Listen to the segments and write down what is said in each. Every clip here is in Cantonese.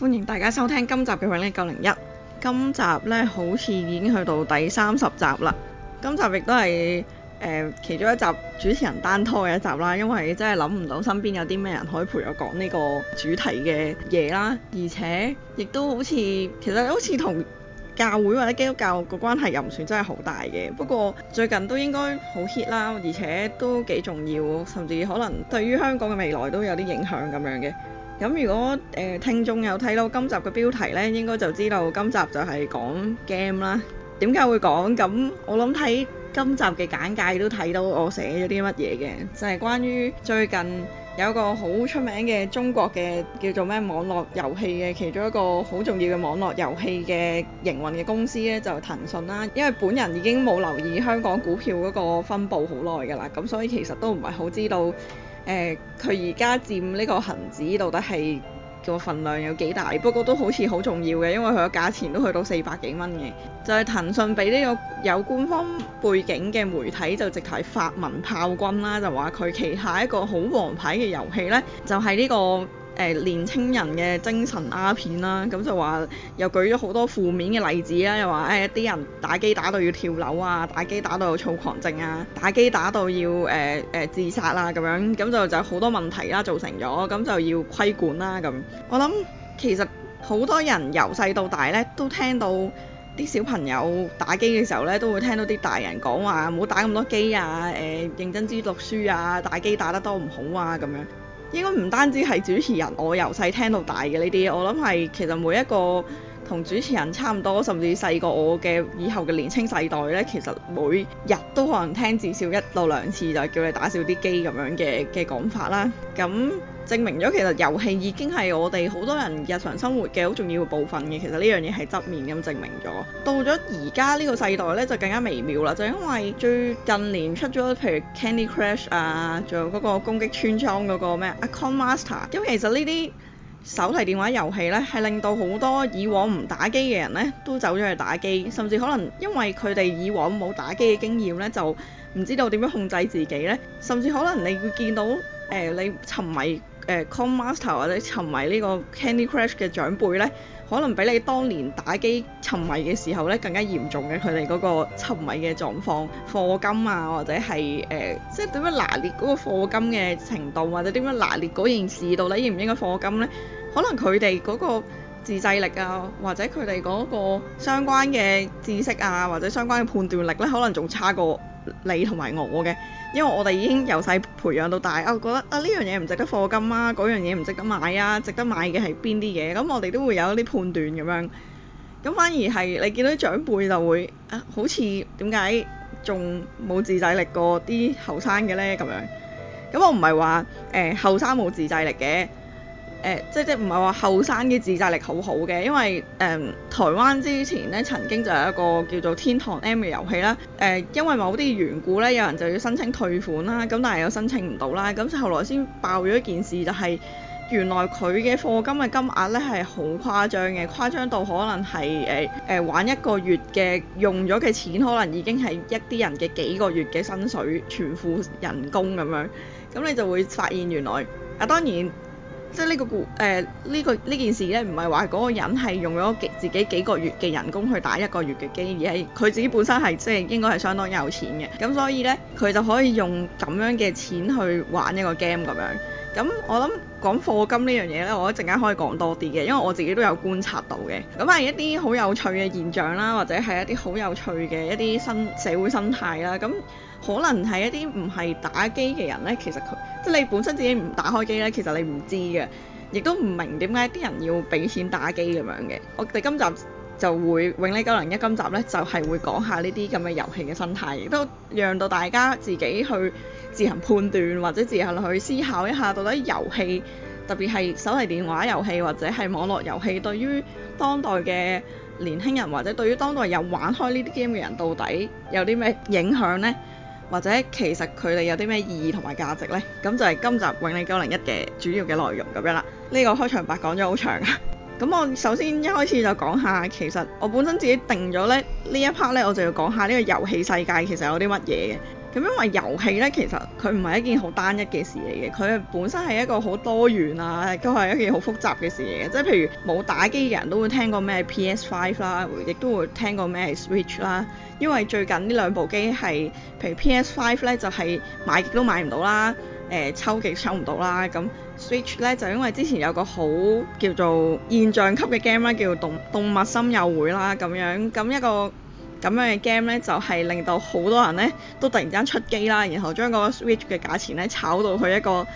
歡迎大家收聽今集嘅永利901，今集呢，好似已經去到第三十集啦。今集亦都係誒其中一集主持人單拖嘅一集啦，因為真係諗唔到身邊有啲咩人可以陪我講呢個主題嘅嘢啦。而且亦都好似其實好似同教會或者基督教個關係又唔算真係好大嘅，不過最近都應該好 hit 啦，而且都幾重要，甚至可能對於香港嘅未來都有啲影響咁樣嘅。咁如果誒聽眾有睇到今集嘅標題咧，應該就知道今集就係講 game 啦。點解會講？咁我諗睇今集嘅簡介都睇到我寫咗啲乜嘢嘅，就係關於最近有一個好出名嘅中國嘅叫做咩網絡遊戲嘅其中一個好重要嘅網絡遊戲嘅營運嘅公司咧，就係騰訊啦。因為本人已經冇留意香港股票嗰個分佈好耐㗎啦，咁所以其實都唔係好知道。誒佢而家佔呢個恆指到底係個份量有幾大？不過都好似好重要嘅，因為佢嘅價錢都去到四百幾蚊嘅。就係、是、騰訊俾呢個有官方背景嘅媒體就直頭係發文炮轟啦，就話佢旗下一個好王牌嘅遊戲呢，就係、是、呢、這個。年青人嘅精神鴉片啦，咁就話又舉咗好多負面嘅例子啦，又話誒啲人打機打到要跳樓啊，打機打到有躁狂症啊，打機打到要誒誒、呃呃、自殺啊咁樣，咁就就好多問題啦，造成咗咁就要規管啦咁。我諗其實好多人由細到大呢，都聽到啲小朋友打機嘅時候呢，都會聽到啲大人講話唔好打咁多機啊，誒、呃、認真知讀，讀書啊，打機打得多唔好啊咁樣。應該唔單止係主持人，我由細聽到大嘅呢啲，我諗係其實每一個。同主持人差唔多，甚至細過我嘅以後嘅年輕世代呢，其實每日都可能聽至少一到兩次，就係叫你打少啲機咁樣嘅嘅講法啦。咁證明咗其實遊戲已經係我哋好多人日常生活嘅好重要嘅部分嘅。其實呢樣嘢係側面咁證明咗。到咗而家呢個世代呢，就更加微妙啦，就是、因為最近年出咗譬如 Candy Crush 啊，仲有嗰個攻擊村莊嗰個咩 Coin Master，咁其實呢啲，手提電話遊戲咧，係令到好多以往唔打機嘅人咧，都走咗去打機。甚至可能因為佢哋以往冇打機嘅經驗咧，就唔知道點樣控制自己咧。甚至可能你會見到誒、呃，你沉迷誒《呃、Coin Master》或者沉迷呢個《Candy Crush》嘅長輩咧，可能比你當年打機沉迷嘅時候咧更加嚴重嘅佢哋嗰個沉迷嘅狀況。課金啊，或者係誒、呃，即係點樣拿捏嗰個課金嘅程度，或者點樣拿捏嗰件事到底應唔應該課金咧？可能佢哋嗰個自制力啊，或者佢哋嗰個相關嘅知識啊，或者相關嘅判斷力呢，可能仲差過你同埋我嘅，因為我哋已經由細培養到大啊，覺得啊呢樣嘢唔值得課金啊，嗰樣嘢唔值得買啊，值得買嘅係邊啲嘢？咁、嗯、我哋都會有一啲判斷咁樣。咁、嗯、反而係你見到長輩就會、啊、好似點解仲冇自制力過啲後生嘅呢？咁樣？咁、嗯、我唔係話誒後生冇自制力嘅。誒、呃、即即唔係話後生嘅自制力好好嘅，因為誒、呃、台灣之前咧曾經就有一個叫做天堂 M 嘅遊戲啦。誒、呃、因為某啲緣故呢，有人就要申請退款啦，咁但係又申請唔到啦，咁後來先爆咗一件事，就係、是、原來佢嘅課金嘅金額呢係好誇張嘅，誇張到可能係誒誒玩一個月嘅用咗嘅錢，可能已經係一啲人嘅幾個月嘅薪水全付人工咁樣。咁你就會發現原來啊、呃、當然。即係、這、呢個故誒呢個呢件事咧，唔係話嗰個人係用咗幾自己幾個月嘅人工去打一個月嘅機，而係佢自己本身係即係應該係相當有錢嘅。咁所以呢，佢就可以用咁樣嘅錢去玩一個 game 咁樣。咁我諗講課金呢樣嘢呢，我一陣間可以講多啲嘅，因為我自己都有觀察到嘅。咁係一啲好有趣嘅現象啦，或者係一啲好有趣嘅一啲新社會生態啦。咁可能係一啲唔係打機嘅人呢，其實佢即係你本身自己唔打開機呢，其實你唔知嘅，亦都唔明點解啲人要俾錢打機咁樣嘅。我哋今集就會永利901今集呢就係、是、會講下呢啲咁嘅遊戲嘅生態，亦都讓到大家自己去自行判斷，或者自行去思考一下，到底遊戲特別係手提電話遊戲或者係網絡遊戲，對於當代嘅年輕人或者對於當代有玩開呢啲 game 嘅人，到底有啲咩影響呢？或者其實佢哋有啲咩意義同埋價值呢？咁就係今集永利九零一嘅主要嘅內容咁樣啦。呢、這個開場白講咗好長啊。咁 我首先一開始就講下，其實我本身自己定咗咧，呢一 part 咧我就要講下呢個遊戲世界其實有啲乜嘢嘅。咁因為遊戲咧，其實佢唔係一件好單一嘅事嚟嘅，佢本身係一個好多元啊，都係一件好複雜嘅事嚟嘅。即係譬如冇打機嘅人都會聽過咩 PS5 啦，亦都會聽過咩 Switch 啦。因為最近呢兩部機係，譬如 PS5 咧就係、是、買極都買唔到啦，誒、呃、抽極抽唔到啦。咁 Switch 咧就因為之前有個好叫做現象級嘅 game 啦，叫動《動動物森友會啦》啦咁樣，咁一個。咁樣嘅 game 咧，就係令到好多人咧都突然間出機啦，然後將嗰個 Switch 嘅價錢咧炒到去一個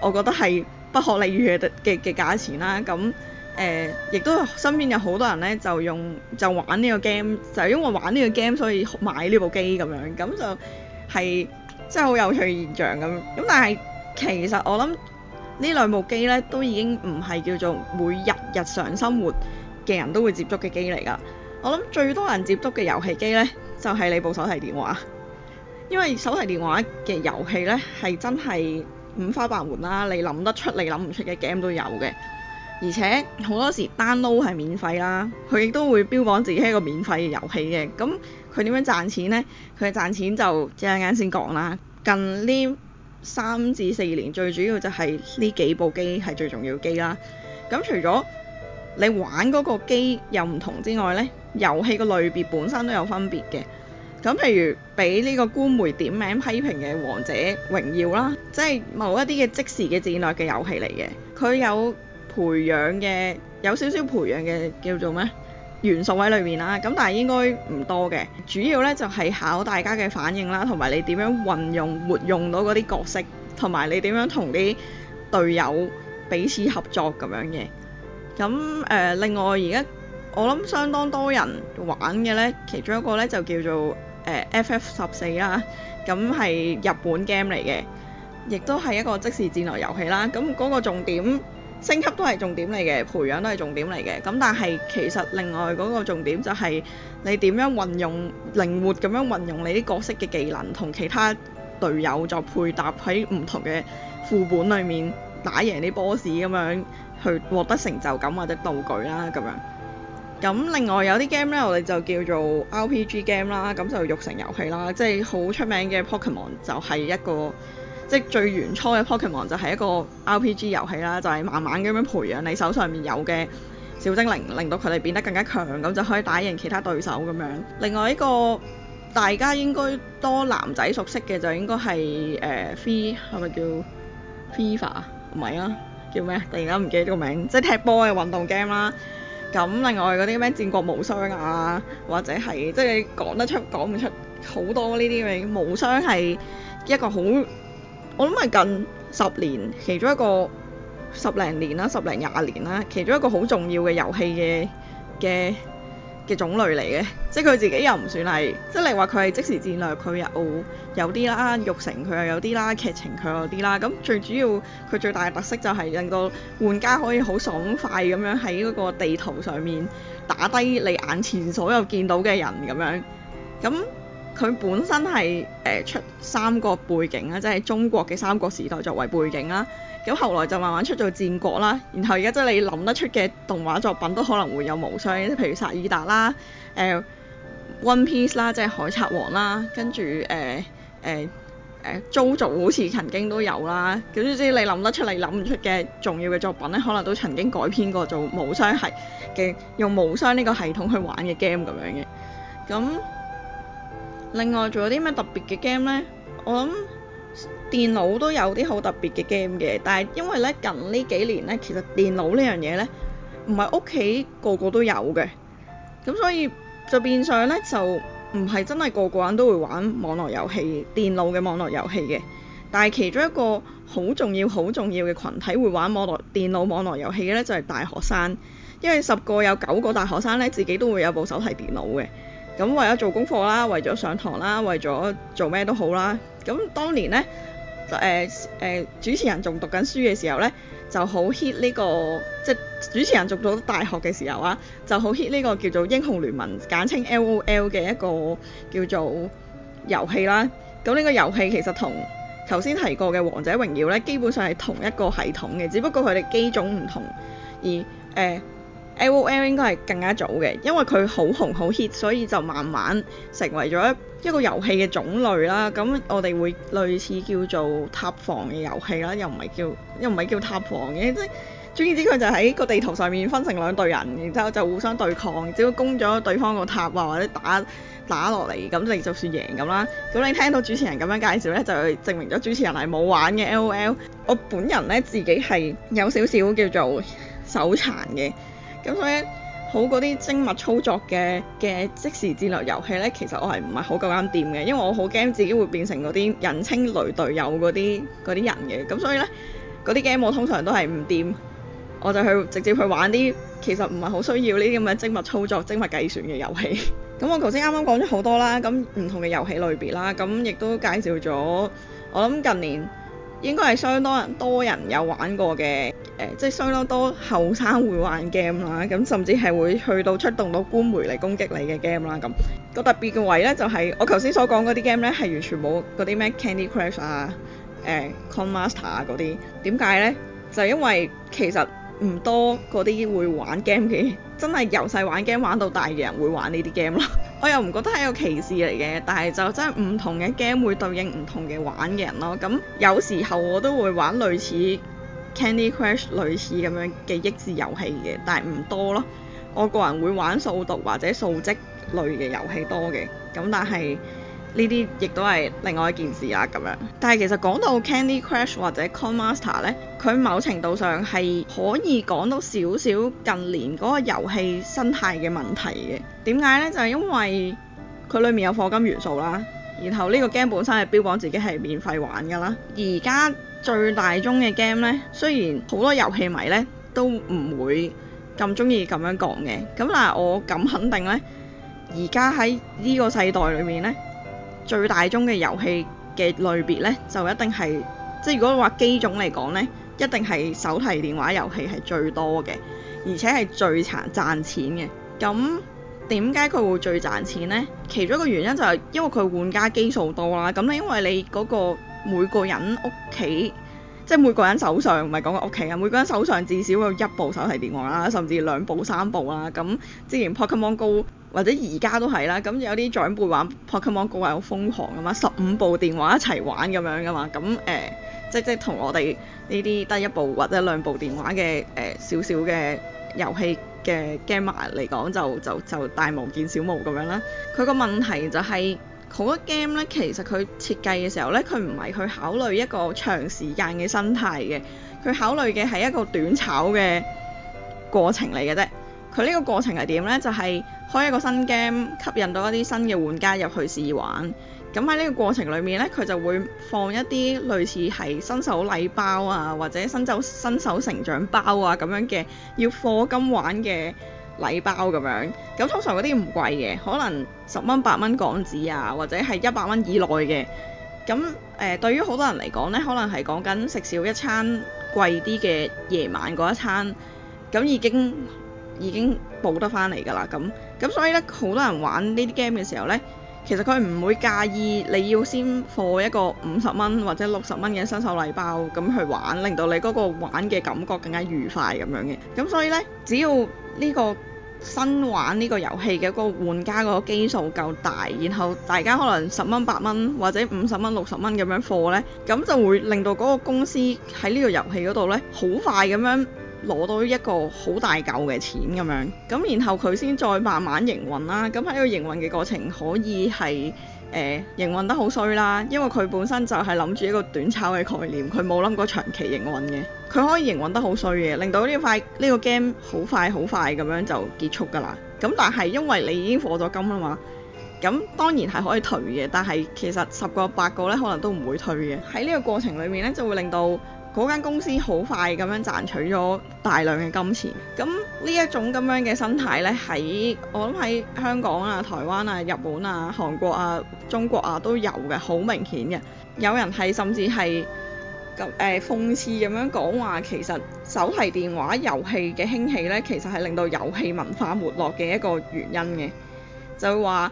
我覺得係不可理喻嘅嘅嘅價錢啦。咁誒，亦都身邊有好多人咧就用就玩呢個 game，就因為玩呢個 game 所以買呢部機咁樣，咁就係真係好有趣嘅現象咁。咁但係其實我諗呢兩部機咧都已經唔係叫做每日日常生活嘅人都會接觸嘅機嚟㗎。我諗最多人接觸嘅遊戲機呢，就係你部手提電話，因為手提電話嘅遊戲呢，係真係五花八門啦，你諗得出你諗唔出嘅 game 都有嘅，而且好多時 download 係免費啦，佢亦都會標榜自己係一個免費嘅遊戲嘅，咁佢點樣賺錢呢？佢賺錢就啱先講啦。近呢三至四年，最主要就係呢幾部機係最重要機啦。咁除咗你玩嗰個機又唔同之外呢。遊戲個類別本身都有分別嘅，譬如俾呢個官媒點名批評嘅王者榮耀啦，即係某一啲嘅即時嘅戰略嘅遊戲嚟嘅，佢有培養嘅，有少少培養嘅叫做咩，元素喺裡面啦，但應該唔多嘅，主要呢就係考大家嘅反應啦，同埋你點樣運用活用到嗰啲角色，同埋你點樣同啲隊友彼此合作咁樣嘅。咁另外而家我諗相當多人玩嘅呢，其中一個呢就叫做、呃、FF14 啦，咁係日本 game 嚟嘅，亦都係一個即時戰略遊戲啦。咁、啊、嗰、那個重點升級都係重點嚟嘅，培養都係重點嚟嘅。咁、啊、但係其實另外嗰個重點就係、是、你點樣運用靈活咁樣運用你啲角色嘅技能，同其他隊友再配搭喺唔同嘅副本裏面打贏啲 boss 咁樣去獲得成就感或者道具啦咁樣。咁另外有啲 game 咧，我哋就叫做 RPG game 啦，咁就育成遊戲啦，即係好出名嘅 Pokemon、ok、就係一個，即係最原初嘅 Pokemon、ok、就係一個 RPG 遊戲啦，就係、是、慢慢咁樣培養你手上面有嘅小精靈，令到佢哋變得更加強，咁就可以打贏其他對手咁樣。另外一個大家應該多男仔熟悉嘅就應該係誒 FIFA，係咪叫 FIFA？唔係啊，叫咩？突然間唔記得個名，即係踢波嘅運動 game 啦。咁另外嗰啲咩戰國無雙啊，或者係即係講得出、講唔出好多呢啲嘅無雙係一個好，我諗係近十年其中一個十零年啦，十零廿年啦，其中一個好重要嘅遊戲嘅嘅嘅種類嚟嘅，即係佢自己又唔算係，即係你話佢係即時戰略，佢又有啲啦；育成佢又有啲啦；劇情佢又有啲啦。咁最主要佢最大嘅特色就係令到玩家可以好爽快咁樣喺嗰個地圖上面打低你眼前所有見到嘅人咁樣。咁佢本身係誒、呃、出三國背景啦，即係中國嘅三國時代作為背景啦。咁後來就慢慢出咗戰國啦，然後而家即係你諗得出嘅動畫作品都可能會有無雙，譬如薩爾達啦，誒、呃《One Piece》啦，即係海賊王啦，跟住誒誒誒，租族好似曾經都有啦。總之你諗得出嚟諗唔出嘅重要嘅作品咧，可能都曾經改編過做無雙系嘅，用無雙呢個系統去玩嘅 game 咁樣嘅。咁另外仲有啲咩特別嘅 game 呢？我諗。電腦都有啲好特別嘅 game 嘅，但係因為咧近呢幾年咧，其實電腦呢樣嘢咧唔係屋企個個都有嘅，咁所以就變相咧就唔係真係個個人都會玩網絡遊戲、電腦嘅網絡遊戲嘅。但係其中一個好重要、好重要嘅群體會玩網絡電腦網絡遊戲嘅咧，就係大學生，因為十個有九個大學生咧自己都會有部手提電腦嘅，咁為咗做功課啦，為咗上堂啦，為咗做咩都好啦。咁當年呢，誒、呃、誒、呃、主持人仲讀緊書嘅時候呢，就好 hit 呢個，即係主持人讀到大學嘅時候啊，就好 hit 呢個叫做英雄聯盟，簡稱 L.O.L. 嘅一個叫做遊戲啦。咁呢個遊戲其實同頭先提過嘅《王者榮耀》呢，基本上係同一個系統嘅，只不過佢哋機種唔同而誒。呃 L O L 應該係更加早嘅，因為佢好紅好 hit，所以就慢慢成為咗一一個遊戲嘅種類啦。咁我哋會類似叫做塔防嘅遊戲啦，又唔係叫又唔係叫塔防嘅，即係總言之，佢就喺個地圖上面分成兩隊人，然之後就互相對抗，只要攻咗對方個塔啊，或者打打落嚟，咁你就算贏咁啦。咁你聽到主持人咁樣介紹呢，就證明咗主持人係冇玩嘅 L O L。我本人呢，自己係有少少叫做手殘嘅。咁所以好嗰啲精密操作嘅嘅即時戰略遊戲呢，其實我係唔係好夠啱掂嘅，因為我好驚自己會變成嗰啲人稱雷隊友嗰啲啲人嘅。咁所以呢，嗰啲 game 我通常都係唔掂，我就去直接去玩啲其實唔係好需要呢啲咁嘅精密操作、精密計算嘅遊戲。咁 我頭先啱啱講咗好多啦，咁唔同嘅遊戲類別啦，咁亦都介紹咗我諗近年。應該係相當多人有玩過嘅，誒、呃，即係相當多後生會玩 game 啦，咁甚至係會去到出動到官媒嚟攻擊你嘅 game 啦，咁、那個特別嘅位呢，就係、是、我頭先所講嗰啲 game 呢，係完全冇嗰啲咩 Candy Crush 啊、誒、呃、Coin Master 啊嗰啲，點解呢？就因為其實。唔多嗰啲會玩 game 嘅， 真係由細玩 game 玩到大嘅人會玩呢啲 game 咯。 我又唔覺得係一個歧視嚟嘅，但係就真係唔同嘅 game 會對應唔同嘅玩嘅人咯。咁 有時候我都會玩類似 Candy Crush 類似咁樣嘅益智遊戲嘅，但係唔多咯。我個人會玩數獨或者數積類嘅遊戲多嘅，咁但係。呢啲亦都係另外一件事啦，咁樣。但係其實講到 Candy Crush 或者 Con Master 呢，佢某程度上係可以講到少少近年嗰個遊戲生態嘅問題嘅。點解呢？就係因為佢裡面有課金元素啦。然後呢個 game 本身係標榜自己係免費玩㗎啦。而家最大宗嘅 game 呢，雖然好多遊戲迷呢都唔會咁中意咁樣講嘅，咁但係我敢肯定呢，而家喺呢個世代裏面呢。最大宗嘅遊戲嘅類別呢，就一定係即係如果話機種嚟講呢，一定係手提電話遊戲係最多嘅，而且係最賺賺錢嘅。咁點解佢會最賺錢呢？其中一個原因就係因為佢玩家基數多啦。咁因為你嗰個每個人屋企，即係每個人手上，唔係講個屋企啊，每個人手上至少有一部手提電話啦，甚至兩部、三部啦。咁之前 Pokemon Go 或者而家都係啦，咁有啲長輩玩 Pokemon Go 係好瘋狂噶嘛，十五部電話一齊玩咁樣噶嘛，咁誒、呃、即即同我哋呢啲得一部或者一兩部電話嘅誒少少嘅遊戲嘅 game 嚟講就就就大無見小無咁樣啦。佢個問題就係、是、好多 game 呢，其實佢設計嘅時候呢，佢唔係去考慮一個長時間嘅心態嘅，佢考慮嘅係一個短炒嘅過程嚟嘅啫。佢呢個過程係點呢？就係、是。開一個新 game，吸引到一啲新嘅玩家入去試玩。咁喺呢個過程裏面呢，佢就會放一啲類似係新手禮包啊，或者新手新手成長包啊咁樣嘅要課金玩嘅禮包咁樣。咁通常嗰啲唔貴嘅，可能十蚊八蚊港紙啊，或者係一百蚊以內嘅。咁誒、呃，對於好多人嚟講呢，可能係講緊食少一餐貴啲嘅夜晚嗰一餐，咁已經已經補得返嚟㗎啦咁。咁所以咧，好多人玩呢啲 game 嘅時候呢，其實佢唔會介意你要先課一個五十蚊或者六十蚊嘅新手禮包咁去玩，令到你嗰個玩嘅感覺更加愉快咁樣嘅。咁所以呢，只要呢個新玩呢個遊戲嘅嗰個玩家個基數夠大，然後大家可能十蚊、八蚊或者五十蚊、六十蚊咁樣課呢，咁就會令到嗰個公司喺呢個遊戲嗰度呢好快咁樣。攞到一個好大嚿嘅錢咁樣，咁然後佢先再慢慢營運啦。咁喺個營運嘅過程可以係誒、呃、營運得好衰啦，因為佢本身就係諗住一個短炒嘅概念，佢冇諗過長期營運嘅。佢可以營運得好衰嘅，令到呢塊呢、呢個 game 好快好快咁樣就結束㗎啦。咁但係因為你已經課咗金啦嘛，咁當然係可以退嘅，但係其實十個八個呢，可能都唔會退嘅。喺呢個過程裡面呢，就會令到。嗰間公司好快咁樣賺取咗大量嘅金錢。咁呢一種咁樣嘅心態呢，喺我諗喺香港啊、台灣啊、日本啊、韓國啊、中國啊都有嘅，好明顯嘅。有人係甚至係咁誒諷刺咁樣講話，其實手提電話遊戲嘅興起呢，其實係令到遊戲文化沒落嘅一個原因嘅，就話。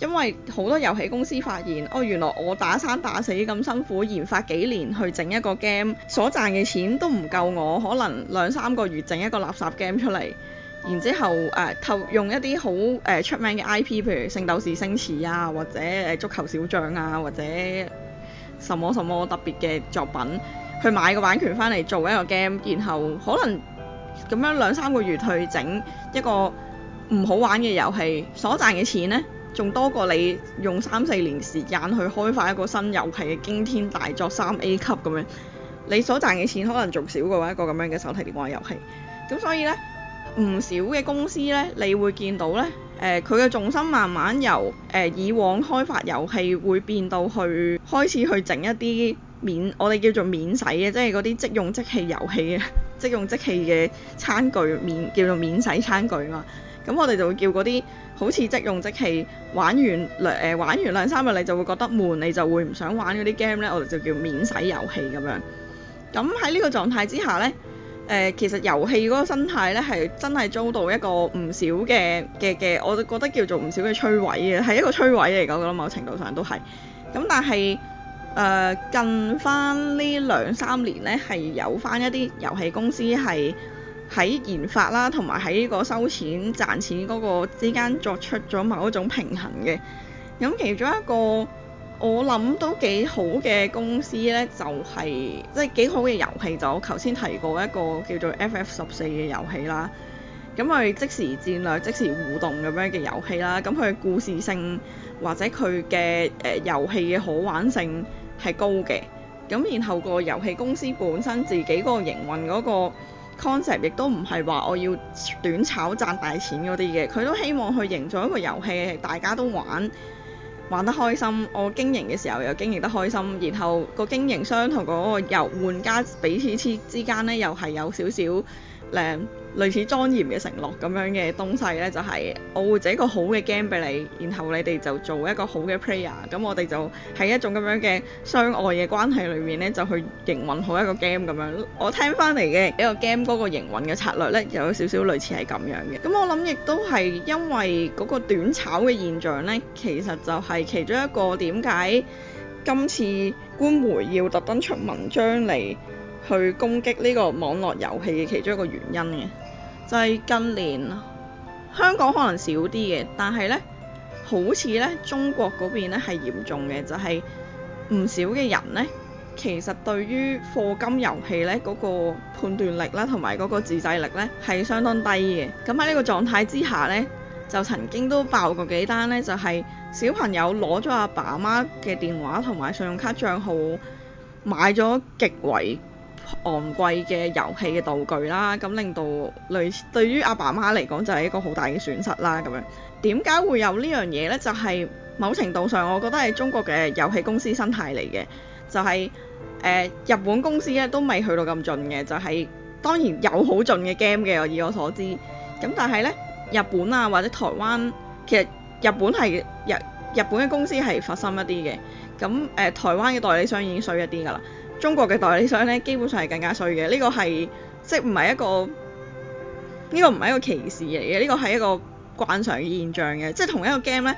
因為好多遊戲公司發現，哦，原來我打生打死咁辛苦，研發幾年去整一個 game，所賺嘅錢都唔夠我，可能兩三個月整一個垃圾 game 出嚟，然之後誒，呃、用一啲好、呃、出名嘅 IP，譬如《聖鬥士星矢》啊，或者《足球小將》啊，或者什麼什麼特別嘅作品，去買個版權翻嚟做一個 game，然後可能咁樣兩三個月去整一個唔好玩嘅遊戲，所賺嘅錢呢，仲多過你用三四年時間去開發一個新遊戲嘅驚天大作，三 A 級咁樣，你所賺嘅錢可能仲少過一個咁樣嘅手提電話遊戲。咁所以呢，唔少嘅公司呢，你會見到呢，誒、呃，佢嘅重心慢慢由誒、呃、以往開發遊戲會變到去開始去整一啲免我哋叫做免洗嘅，即係嗰啲即用即棄遊戲嘅，即用即棄嘅餐具免叫做免洗餐具嘛。咁我哋就會叫嗰啲好似即用即棄，玩完兩誒玩完兩三日你就會覺得悶，你就會唔想玩嗰啲 game 咧，我哋就叫免洗遊戲咁樣。咁喺呢個狀態之下咧，誒、其實遊戲嗰個生態咧係真係遭到一個唔少嘅嘅嘅，我覺得叫做唔少嘅摧毀嘅，係一個摧毀嚟㗎，我覺得某程度上都係。咁但係誒近翻呢兩三年咧，係有翻一啲遊戲公司係。喺研發啦，同埋喺呢個收錢賺錢嗰個之間作出咗某一種平衡嘅。咁其中一個我諗都幾好嘅公司呢，就係，就係即係幾好嘅遊戲就我頭先提過一個叫做《F F 十四》嘅遊戲啦。咁佢即時戰略、即時互動咁樣嘅遊戲啦，咁佢故事性或者佢嘅誒遊戲嘅可玩性係高嘅。咁然後個遊戲公司本身自己嗰個營運嗰、嗰個 concept 亦都唔係話我要短炒賺大錢嗰啲嘅，佢都希望去營造一個遊戲，大家都玩，玩得開心，我經營嘅時候又經營得開心，然後個經營商同嗰個玩家彼此之之間呢，又係有少少類似莊嚴嘅承諾咁樣嘅東西呢就係我會整一個好嘅 game 俾你，然後你哋就做一個好嘅 player，咁我哋就喺一種咁樣嘅相愛嘅關係裏面呢就去營運好一個 game 咁樣。我聽翻嚟嘅一個 game 嗰個營運嘅策略呢，有少少類似係咁樣嘅。咁我諗亦都係因為嗰個短炒嘅現象呢，其實就係其中一個點解今次官媒要特登出文章嚟去攻擊呢個網絡遊戲嘅其中一個原因嘅。就係近年，香港可能少啲嘅，但係呢，好似呢中國嗰邊呢係嚴重嘅，就係、是、唔少嘅人呢，其實對於課金遊戲呢嗰、嗰個判斷力啦，同埋嗰個自制力呢係相當低嘅。咁喺呢個狀態之下呢，就曾經都爆過幾單呢，就係、是、小朋友攞咗阿爸阿媽嘅電話同埋信用卡賬號，買咗極為昂貴嘅遊戲嘅道具啦，咁令到類似對於阿爸媽嚟講就係一個好大嘅損失啦，咁樣。點解會有呢樣嘢呢？就係、是、某程度上，我覺得係中國嘅遊戲公司生態嚟嘅。就係、是、誒、呃、日本公司咧都未去到咁盡嘅，就係、是、當然有好盡嘅 game 嘅，我以我所知。咁但係呢，日本啊或者台灣，其實日本係日，日本嘅公司係佛心一啲嘅，咁誒、呃、台灣嘅代理商已經衰一啲㗎啦。中國嘅代理商咧，基本上係更加衰嘅。呢個係即係唔係一個呢個唔係一個歧視嚟嘅，呢個係一個慣常嘅現象嘅。即係同一個 game 咧，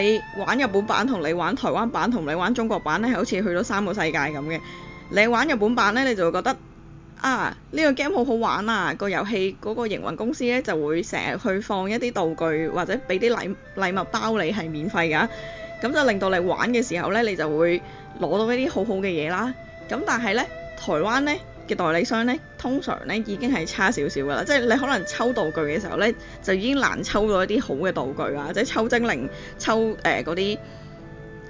你玩日本版同你玩台灣版同你玩中國版咧，係好似去咗三個世界咁嘅。你玩日本版咧，你就會覺得啊，呢個 game 好好玩啊。個遊戲嗰個營運公司咧就會成日去放一啲道具或者俾啲禮禮物包你係免費㗎，咁就令到你玩嘅時候咧，你就會攞到一啲好好嘅嘢啦。咁但係咧，台灣咧嘅代理商咧，通常咧已經係差少少噶啦，即係你可能抽道具嘅時候咧，就已經難抽到一啲好嘅道具啦，即係抽精靈、抽誒嗰啲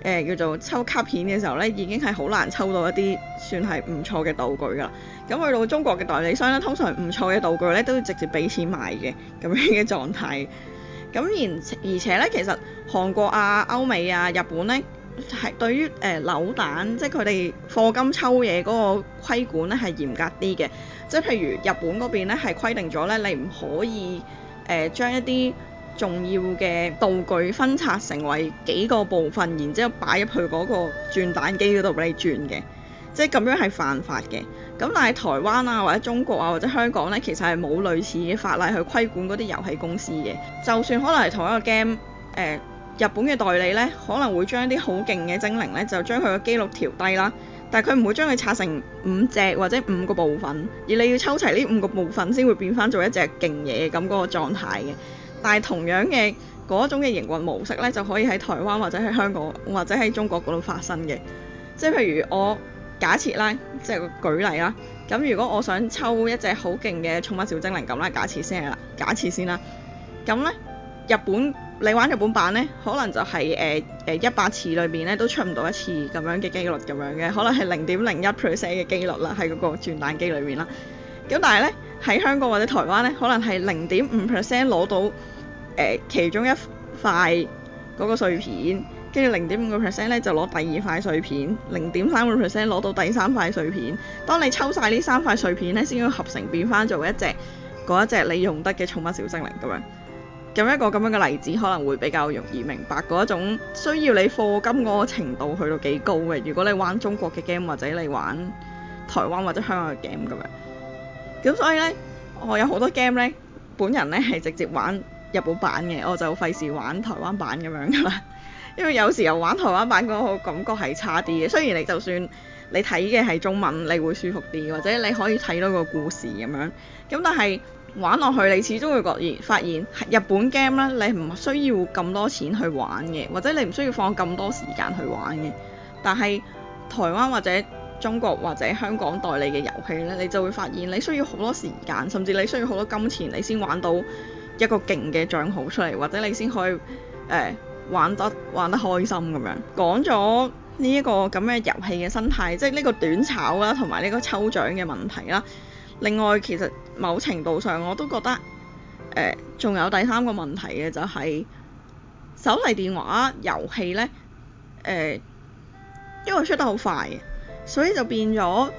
誒叫做抽卡片嘅時候咧，已經係好難抽到一啲算係唔錯嘅道具啦。咁去到中國嘅代理商咧，通常唔錯嘅道具咧都要直接俾錢買嘅咁樣嘅狀態。咁然而且咧，其實韓國啊、歐美啊、日本咧。係對於誒、呃、扭蛋，即係佢哋課金抽嘢嗰個規管咧係嚴格啲嘅。即係譬如日本嗰邊咧係規定咗咧，你唔可以誒、呃、將一啲重要嘅道具分拆成為幾個部分，然之後擺入去嗰個轉蛋機嗰度俾你轉嘅。即係咁樣係犯法嘅。咁但係台灣啊或者中國啊或者香港咧、啊，其實係冇類似法例去規管嗰啲遊戲公司嘅。就算可能係同一個 game 誒。呃日本嘅代理呢，可能會將一啲好勁嘅精靈呢，就將佢嘅紀錄調低啦。但係佢唔會將佢拆成五隻或者五個部分，而你要抽齊呢五個部分先會變返做一隻勁嘢咁嗰個狀態嘅。但係同樣嘅嗰種嘅營運模式呢，就可以喺台灣或者喺香港或者喺中國嗰度發生嘅。即係譬如我假設啦，即係個舉例啦。咁如果我想抽一隻好勁嘅寵物小精靈咁啦，假設先啦，假設先啦。咁呢，日本。你玩日本版呢，可能就係誒誒一百次裏面咧都出唔到一次咁樣嘅機率咁樣嘅，可能係零點零一 percent 嘅機率啦，喺嗰個轉蛋機裏面啦。咁但係呢，喺香港或者台灣呢，可能係零點五 percent 攞到誒、呃、其中一塊嗰個碎片，跟住零點五個 percent 咧就攞第二塊碎片，零點三個 percent 攞到第三塊碎片。當你抽晒呢三塊碎片呢，先要合成變翻做一隻嗰一隻你用得嘅寵物小精靈咁樣。咁一個咁樣嘅例子可能會比較容易明白嗰一種需要你課金嗰個程度去到幾高嘅。如果你玩中國嘅 game 或者你玩台灣或者香港嘅 game 咁樣，咁所以呢，我有好多 game 呢，本人呢係直接玩日本版嘅，我就費事玩台灣版咁樣㗎啦。因為有時候玩台灣版嗰個感覺係差啲嘅。雖然你就算你睇嘅係中文，你會舒服啲，或者你可以睇到個故事咁樣，咁但係。玩落去，你始終會發現，發現日本 game 咧，你唔需要咁多錢去玩嘅，或者你唔需要放咁多時間去玩嘅。但係台灣或者中國或者香港代理嘅遊戲呢，你就會發現你需要好多時間，甚至你需要好多金錢，你先玩到一個勁嘅賬號出嚟，或者你先可以、呃、玩得玩得開心咁樣。講咗呢一個咁嘅遊戲嘅生態，即係呢個短炒啦，同埋呢個抽獎嘅問題啦。另外，其實某程度上我都覺得，誒、呃，仲有第三個問題嘅就係、是、手提電話遊戲咧，誒、呃，因為出得好快，所以就變咗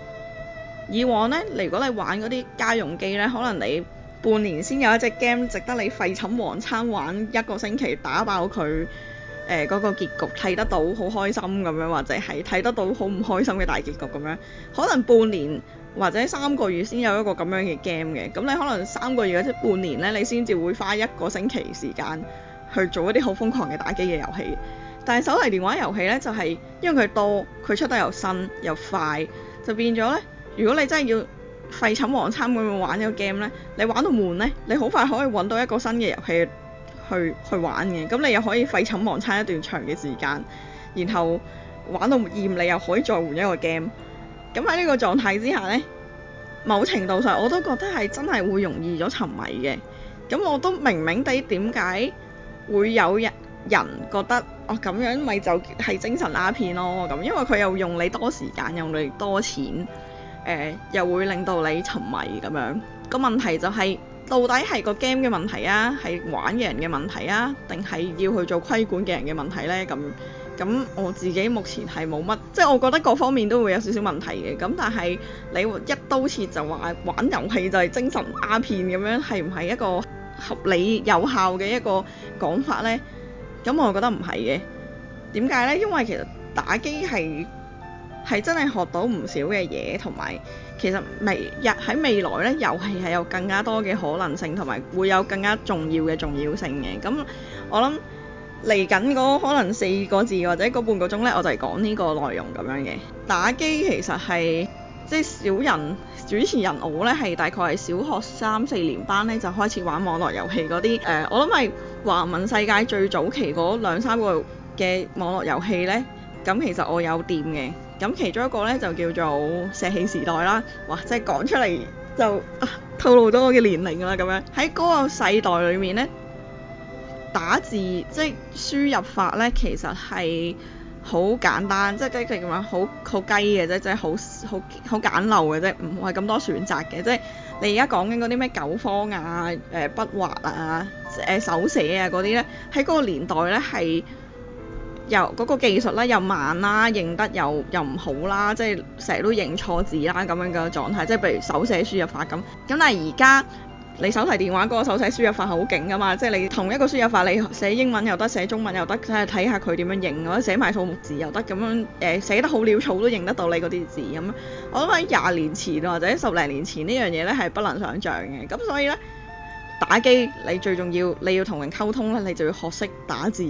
以往咧，如果你玩嗰啲家用機咧，可能你半年先有一隻 game 值得你廢寢忘餐玩一個星期打爆佢，誒、呃，嗰、那個結局睇得到好開心咁樣，或者係睇得到好唔開心嘅大結局咁樣，可能半年。或者三個月先有一個咁樣嘅 game 嘅，咁你可能三個月或者半年呢，你先至會花一個星期時間去做一啲好瘋狂嘅打機嘅遊戲。但係手提電話遊戲呢，就係因為佢多，佢出得又新又快，就變咗呢。如果你真係要廢寢忘餐咁樣玩一個 game 呢，你玩到悶呢，你好快可以揾到一個新嘅遊戲去去玩嘅，咁你又可以廢寢忘餐一段長嘅時間，然後玩到厭你又可以再換一個 game。咁喺呢個狀態之下呢，某程度上我都覺得係真係會容易咗沉迷嘅。咁我都明明地點解會有人人覺得哦，咁樣咪就係精神鴉片咯，咁，因為佢又用你多時間，用你多錢，誒又會令到你沉迷咁樣。個問題就係到底係個 game 嘅問題啊，係玩嘅人嘅問題啊，定係要去做規管嘅人嘅問題呢？咁咁我自己目前係冇乜，即係我覺得各方面都會有少少問題嘅。咁但係你一刀切就話玩遊戲就係精神鴉片咁樣，係唔係一個合理有效嘅一個講法呢？咁我覺得唔係嘅。點解呢？因為其實打機係係真係學到唔少嘅嘢，同埋其實未喺未來呢，遊戲係有更加多嘅可能性，同埋會有更加重要嘅重要性嘅。咁我諗。嚟緊嗰可能四個字或者嗰半個鐘呢，我就係講呢個內容咁樣嘅。打機其實係即係小人主持人我呢，係大概係小學三四年班呢，就開始玩網絡遊戲嗰啲，誒，我諗係華文世界最早期嗰兩三個嘅網絡遊戲呢，咁其實我有掂嘅。咁其中一個呢，就叫做《石器時代》啦。哇！即係講出嚟就、啊、透露咗我嘅年齡啦咁樣。喺嗰個世代裡面呢。打字即係輸入法咧，其實係好簡單，即係即係咁樣，好好雞嘅啫，即係好好好簡陋嘅啫，唔係咁多選擇嘅。即係你而家講緊嗰啲咩九方啊、誒筆畫啊、誒手寫啊嗰啲咧，喺嗰個年代咧係又嗰、嗰個技術咧又慢啦、啊，認得又又唔好啦、啊，即係成日都認錯字啦、啊、咁樣嘅狀態。即係譬如手寫輸入法咁，咁但係而家。你手提電話嗰個手寫輸入法好勁㗎嘛，即係你同一個輸入法，你寫英文又得，寫中文又得，睇下佢點樣認，或者寫埋數目字又得，咁樣誒、呃、寫得好潦草都認得到你嗰啲字咁。我諗喺廿年前或者十零年前呢樣嘢呢，係不能想像嘅，咁所以呢，打機你最重要，你要同人溝通咧，你就要學識打字。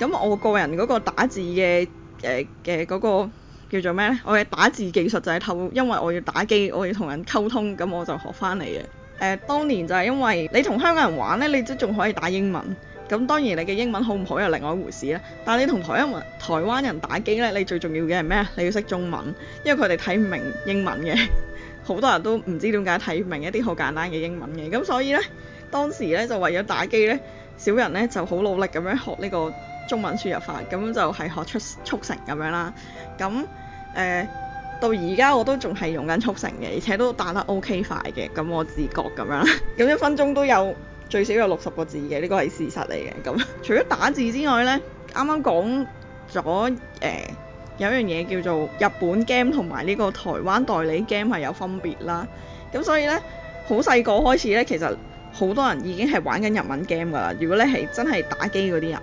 咁我個人嗰個打字嘅誒嘅嗰個叫做咩咧？我嘅打字技術就係透，因為我要打機，我要同人溝通，咁我就學翻嚟嘅。誒、呃，當年就係因為你同香港人玩咧，你都仲可以打英文。咁當然你嘅英文好唔好又另外一回事啦。但你同台英、台灣人打機咧，你最重要嘅係咩？你要識中文，因為佢哋睇唔明英文嘅。好多人都唔知點解睇唔明一啲好簡單嘅英文嘅。咁所以咧，當時咧就為咗打機咧，小人咧就好努力咁樣學呢個中文輸入法，咁就係學出速成咁樣啦。咁誒。呃到而家我都仲係用緊速成嘅，而且都打得 OK 快嘅，咁我自覺咁樣，咁 一分鐘都有最少有六十個字嘅，呢個係事實嚟嘅。咁除咗打字之外呢，啱啱講咗誒有一樣嘢叫做日本 game 同埋呢個台灣代理 game 係有分別啦。咁所以呢，好細個開始呢，其實好多人已經係玩緊日文 game 㗎啦。如果你係真係打機嗰啲人，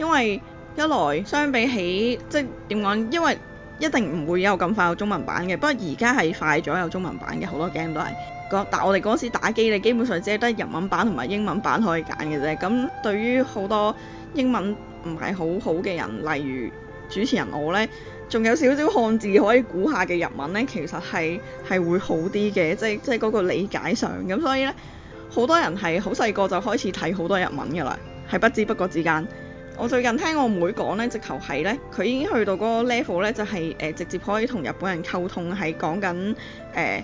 因為一來相比起即係點講，因為一定唔會有咁快有中文版嘅，不過而家係快咗有中文版嘅，好多 game 都係。但我哋嗰時打機，你基本上只係得日文版同埋英文版可以揀嘅啫。咁對於好多英文唔係好好嘅人，例如主持人我呢，仲有少少漢字可以估下嘅日文呢，其實係係會好啲嘅，即係即係嗰個理解上。咁所以呢，好多人係好細個就開始睇好多日文㗎啦，係不知不覺之間。我最近聽我妹講呢直頭係呢佢已經去到嗰個 level 呢就係、是、誒、呃、直接可以同日本人溝通，係講緊誒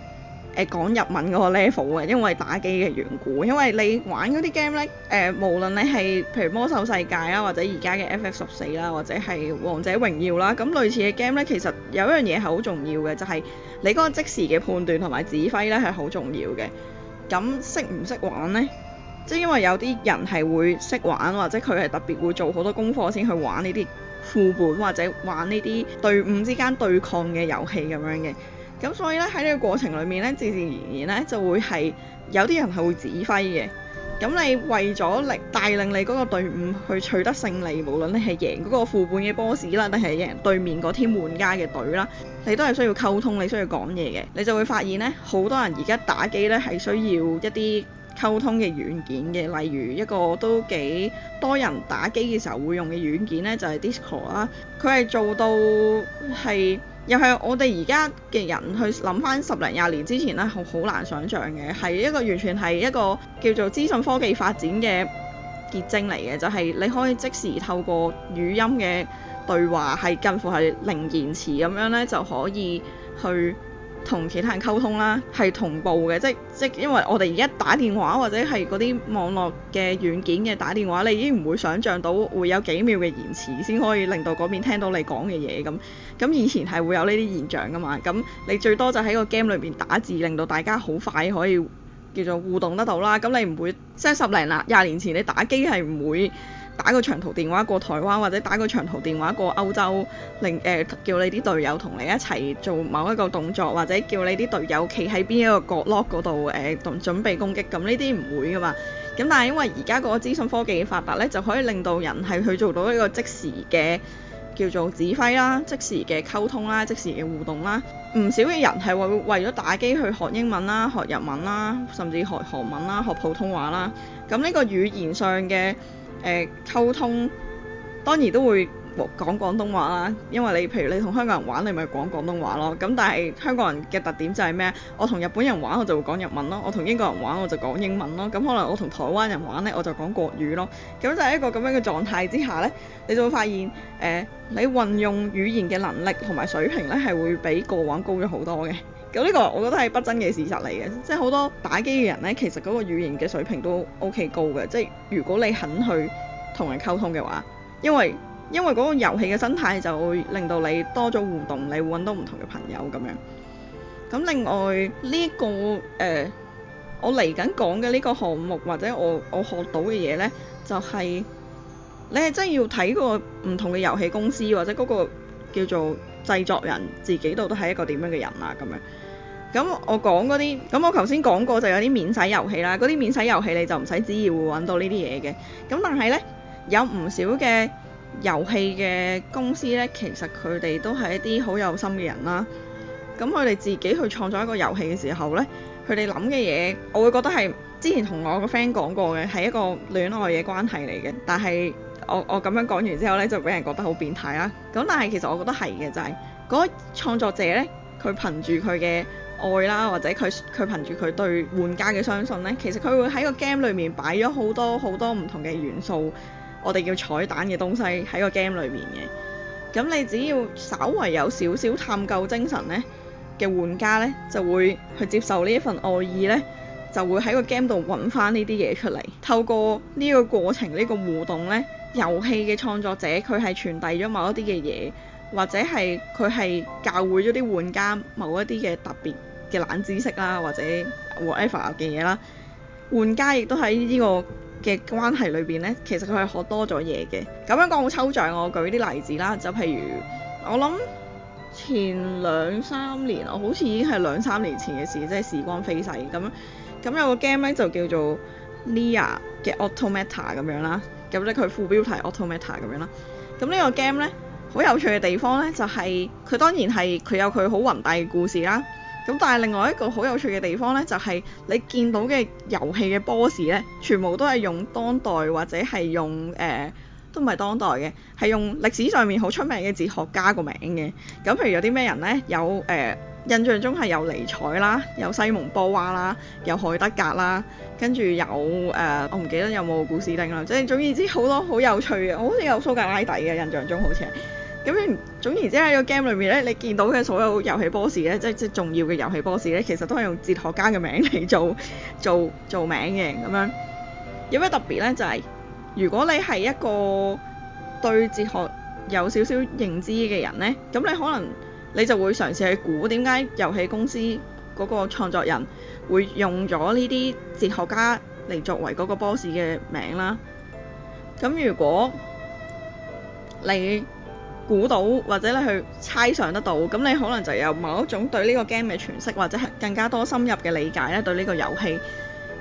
誒講日文嗰個 level 嘅，因為打機嘅緣故。因為你玩嗰啲 game 呢，誒、呃、無論你係譬如《魔獸世界》啊，或者而家嘅《F.F. 十四》啦，或者係《王者榮耀》啦，咁類似嘅 game 呢，其實有一樣嘢係好重要嘅，就係、是、你嗰個即時嘅判斷同埋指揮呢係好重要嘅。咁識唔識玩呢？即係因為有啲人係會識玩，或者佢係特別會做好多功課先去玩呢啲副本，或者玩呢啲隊伍之間對抗嘅遊戲咁樣嘅。咁所以咧喺呢個過程裡面咧，自，自然而然咧就會係有啲人係會指揮嘅。咁你為咗令帶領你嗰個隊伍去取得勝利，無論你係贏嗰個副本嘅 boss 啦，定係贏對面嗰啲玩家嘅隊啦，你都係需要溝通，你需要講嘢嘅。你就會發現咧，好多人而家打機咧係需要一啲。溝通嘅軟件嘅，例如一個都幾多人打機嘅時候會用嘅軟件呢，就係、是、Discord 啦。佢係做到係又係我哋而家嘅人去諗返十零廿年之前咧，好難想像嘅，係一個完全係一個叫做資訊科技發展嘅結晶嚟嘅，就係、是、你可以即時透過語音嘅對話，係近乎係零延遲咁樣呢，就可以去。同其他人溝通啦，係同步嘅，即即因為我哋而家打電話或者係嗰啲網絡嘅軟件嘅打電話，你已經唔會想像到會有幾秒嘅延遲先可以令到嗰邊聽到你講嘅嘢咁。咁以前係會有呢啲現象㗎嘛，咁你最多就喺個 game 裏邊打字，令到大家好快可以叫做互動得到啦。咁你唔會，即係十零廿年前你打機係唔會。打個長途電話過台灣，或者打個長途電話過歐洲，令誒、呃、叫你啲隊友同你一齊做某一個動作，或者叫你啲隊友企喺邊一個角落嗰度誒，同、呃、準備攻擊。咁呢啲唔會㗎嘛。咁但係因為而家個資訊科技嘅發達呢，就可以令到人係去做到一個即時嘅叫做指揮啦，即時嘅溝通啦，即時嘅互動啦。唔少嘅人係為為咗打機去學英文啦，學日文啦，甚至學韓文啦，學普通話啦。咁呢個語言上嘅。誒溝通當然都會講廣東話啦，因為你譬如你同香港人玩，你咪講廣東話咯。咁但係香港人嘅特點就係咩？我同日本人玩我就會講日文咯，我同英國人玩我就講英文咯。咁可能我同台灣人玩呢，我就講國語咯。咁就係一個咁樣嘅狀態之下呢，你就會發現誒、呃，你運用語言嘅能力同埋水平呢，係會比過往高咗好多嘅。咁呢個我覺得係不爭嘅事實嚟嘅，即係好多打機嘅人呢，其實嗰個語言嘅水平都 OK 高嘅，即係如果你肯去同人溝通嘅話，因為因為嗰個遊戲嘅生態就會令到你多咗互動，你會揾到唔同嘅朋友咁樣。咁另外呢個誒，我嚟緊講嘅呢個項目或者我我學到嘅嘢呢，就係你係真要睇個唔同嘅遊戲公司或者嗰個叫做。製作人自己度都係一個點樣嘅人啊，咁樣。咁我講嗰啲，咁我頭先講過就有啲免洗遊戲啦，嗰啲免洗遊戲你就唔使旨意會揾到呢啲嘢嘅。咁但係咧，有唔少嘅遊戲嘅公司咧，其實佢哋都係一啲好有心嘅人啦。咁佢哋自己去創作一個遊戲嘅時候咧，佢哋諗嘅嘢，我會覺得係之前同我個 friend 講過嘅，係一個戀愛嘅關係嚟嘅，但係。我我咁樣講完之後呢，就俾人覺得好變態啦。咁但係其實我覺得係嘅，就係嗰個創作者呢，佢憑住佢嘅愛啦，或者佢佢憑住佢對玩家嘅相信呢，其實佢會喺個 game 裏面擺咗好多好多唔同嘅元素，我哋叫彩蛋嘅東西喺個 game 裏面嘅。咁你只要稍為有少少探究精神呢嘅玩家呢，就會去接受呢一份愛意呢，就會喺個 game 度揾翻呢啲嘢出嚟。透過呢個過程，呢個互動呢。遊戲嘅創作者佢係傳遞咗某一啲嘅嘢，或者係佢係教會咗啲玩家某一啲嘅特別嘅冷知識啦，或者 whatever 嘅嘢啦。玩家亦都喺呢個嘅關係裏邊呢，其實佢係學多咗嘢嘅。咁樣講好抽象，我舉啲例子啦，就譬如我諗前兩三年，我好似已經係兩三年前嘅事，即係時光飛逝咁。咁有個 game 咧就叫做 NieR 嘅 Automata 咁樣啦。咁咧佢副標題 Automata 咁樣啦。咁呢個 game 咧好有趣嘅地方咧就係、是、佢當然係佢有佢好宏大嘅故事啦。咁但係另外一個好有趣嘅地方咧就係、是、你見到嘅遊戲嘅 boss 咧，全部都係用當代或者係用誒、呃、都唔係當代嘅，係用歷史上面好出名嘅哲學家個名嘅。咁譬如有啲咩人咧有誒？呃印象中係有尼采啦，有西蒙波娃啦，有海德格啦，跟住有誒、呃，我唔記得有冇古斯丁啦。即係總言之很很，好多好有趣嘅。好似有蘇格拉底嘅，印象中好似係。咁然總言之喺個 game 裏面咧，你見到嘅所有遊戲 boss 咧，即係即係重要嘅遊戲 boss 咧，其實都係用哲學家嘅名嚟做做做名嘅咁樣。有咩特別咧？就係、是、如果你係一個對哲學有少少認知嘅人咧，咁你可能。你就會嘗試去估點解遊戲公司嗰個創作人會用咗呢啲哲學家嚟作為嗰個 boss 嘅名啦。咁如果你估到或者你去猜想得到，咁你可能就有某一種對呢個 game 嘅詮釋，或者係更加多深入嘅理解咧對呢個遊戲。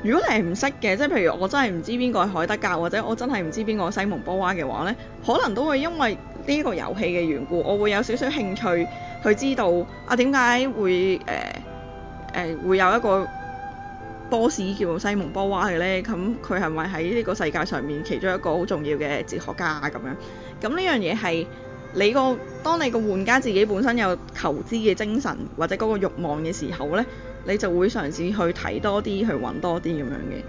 如果你係唔識嘅，即係譬如我真係唔知邊個係海德格，或者我真係唔知邊個係西蒙波娃嘅話呢，可能都會因為呢個遊戲嘅緣故，我會有少少興趣去知道啊，點解會誒誒、呃呃、會有一個 boss 叫做西蒙波娃嘅呢？咁佢係咪喺呢個世界上面其中一個好重要嘅哲學家咁樣？咁呢樣嘢係你個，當你個玩家自己本身有求知嘅精神或者嗰個慾望嘅時候呢。你就會嘗試去睇多啲，去揾多啲咁樣嘅。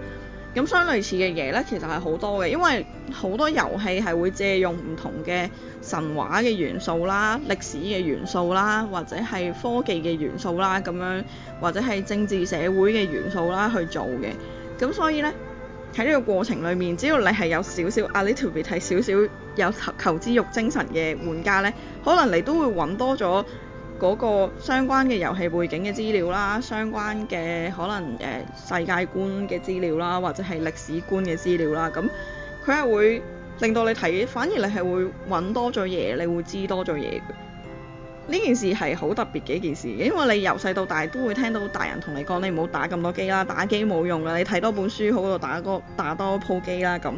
咁相類似嘅嘢呢，其實係好多嘅，因為好多遊戲係會借用唔同嘅神話嘅元素啦、歷史嘅元素啦，或者係科技嘅元素啦咁樣，或者係政治社會嘅元素啦去做嘅。咁所以呢，喺呢個過程裡面，只要你係有少少啊，你特別睇少少有求求知欲精神嘅玩家呢，可能你都會揾多咗。嗰個相關嘅遊戲背景嘅資料啦，相關嘅可能誒、呃、世界觀嘅資料啦，或者係歷史觀嘅資料啦，咁佢係會令到你睇，反而你係會揾多咗嘢，你會知多咗嘢。呢件事係好特別嘅一件事，因為你由細到大都會聽到大人同你講，你唔好打咁多機啦，打機冇用喇，你睇多本書好過打多打多鋪機啦咁。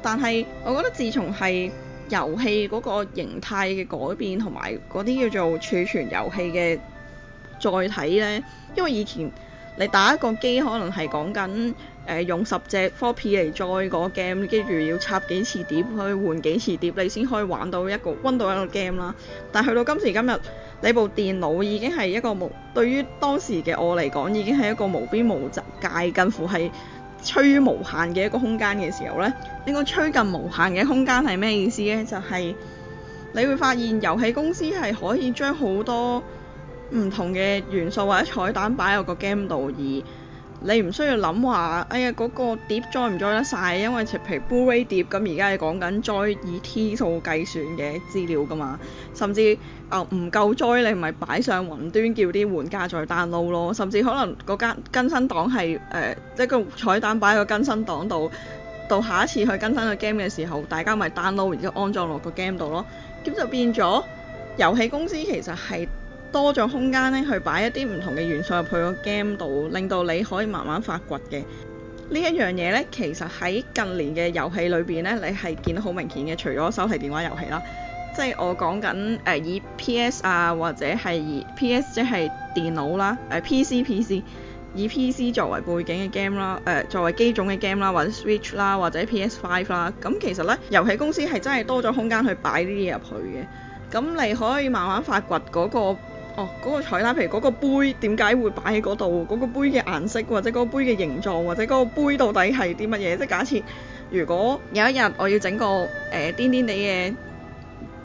但係我覺得自從係遊戲嗰個形態嘅改變，同埋嗰啲叫做儲存遊戲嘅載體呢，因為以前你打一個機，可能係講緊誒用十隻 floppy 嚟載個 game，跟住要插幾次碟，去換幾次碟，你先可以玩到一個温度一個 game 啦。但去到今時今日，你部電腦已經係一個無，對於當時嘅我嚟講，已經係一個無邊無際，近乎係。吹於無限嘅一個空間嘅時候呢，呢、這個趨近無限嘅空間係咩意思呢？就係、是、你會發現遊戲公司係可以將好多唔同嘅元素或者彩蛋擺入個 game 度而。你唔需要諗話，哎呀嗰個碟載唔載得晒，因為譬如 Blu-ray 碟咁而家係講緊載以 T 數計算嘅資料噶嘛，甚至誒唔、呃、夠載你咪擺上雲端叫啲玩家再 download 咯，甚至可能嗰間更新檔係誒、呃、一個彩蛋擺喺個更新檔度，到下一次去更新個 game 嘅時候，大家咪 download 然之後安裝落個 game 度咯，咁就變咗遊戲公司其實係，多咗空間咧，去擺一啲唔同嘅元素入去個 game 度，令到你可以慢慢發掘嘅呢一樣嘢呢，其實喺近年嘅遊戲裏邊呢，你係見得好明顯嘅，除咗手提電話遊戲啦，即係我講緊誒以 PS 啊或者係以 PS 即係電腦啦誒、呃、PC PC 以 PC 作為背景嘅 game 啦誒、呃、作為機種嘅 game 啦，或者 Switch 啦或者 PS Five 啦。咁其實呢，遊戲公司係真係多咗空間去擺呢啲嘢入去嘅，咁你可以慢慢發掘嗰、那個。哦，嗰、那個彩蛋，譬如嗰個杯，點解會擺喺嗰度？嗰、那個杯嘅顏色，或者嗰個杯嘅形狀，或者嗰個杯到底係啲乜嘢？即係假設，如果有一日我要整個誒、呃、癲癲地嘅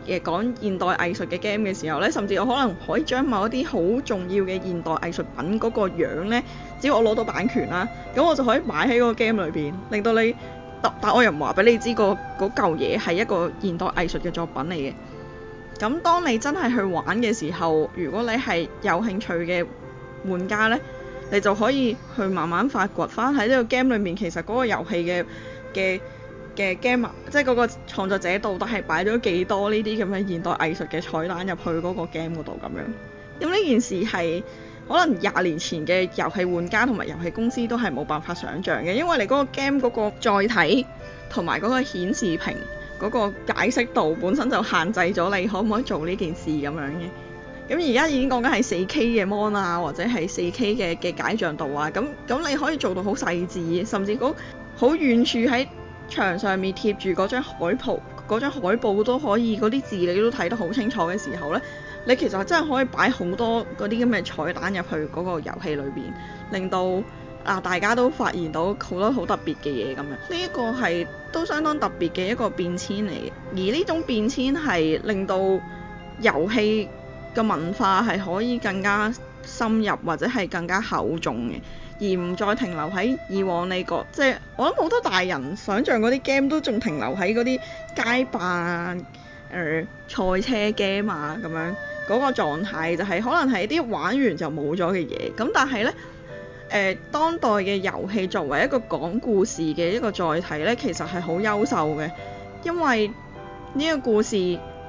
嘅講現代藝術嘅 game 嘅時候呢，甚至我可能可以將某一啲好重要嘅現代藝術品嗰個樣呢，只要我攞到版權啦，咁我就可以買喺嗰個 game 裏邊，令到你，但但我又唔話俾你知個嗰嚿嘢係一個現代藝術嘅作品嚟嘅。咁當你真係去玩嘅時候，如果你係有興趣嘅玩家呢，你就可以去慢慢發掘翻喺呢個 game 裏面，其實嗰個遊戲嘅嘅嘅 game 即係嗰個創作者到底係擺咗幾多呢啲咁嘅現代藝術嘅彩蛋入去嗰個 game 嗰度咁樣。咁呢件事係可能廿年前嘅遊戲玩家同埋遊戲公司都係冇辦法想像嘅，因為你嗰個 game 嗰個載體同埋嗰個顯示屏。嗰個解釋度本身就限制咗你可唔可以做呢件事咁樣嘅。咁而家已經講緊係四 K 嘅 mon 啊，或者係四 K 嘅嘅解像度啊，咁咁你可以做到好細緻，甚至好好遠處喺牆上面貼住嗰張，張海報，嗰張海報都可以，嗰啲字你都睇得好清楚嘅時候呢，你其實真係可以擺好多嗰啲咁嘅彩蛋入去嗰個遊戲裏邊，令到。啊！大家都發現到好多好特別嘅嘢咁樣，呢、這、一個係都相當特別嘅一個變遷嚟嘅。而呢種變遷係令到遊戲嘅文化係可以更加深入或者係更加厚重嘅，而唔再停留喺以往你、這個即係、就是、我諗好多大人想像嗰啲 game 都仲停留喺嗰啲街霸啊、誒、呃、賽車 game 啊咁樣嗰、那個狀態，就係可能係啲玩完就冇咗嘅嘢。咁但係呢。誒、呃，當代嘅遊戲作為一個講故事嘅一個載體呢，其實係好優秀嘅，因為呢個故事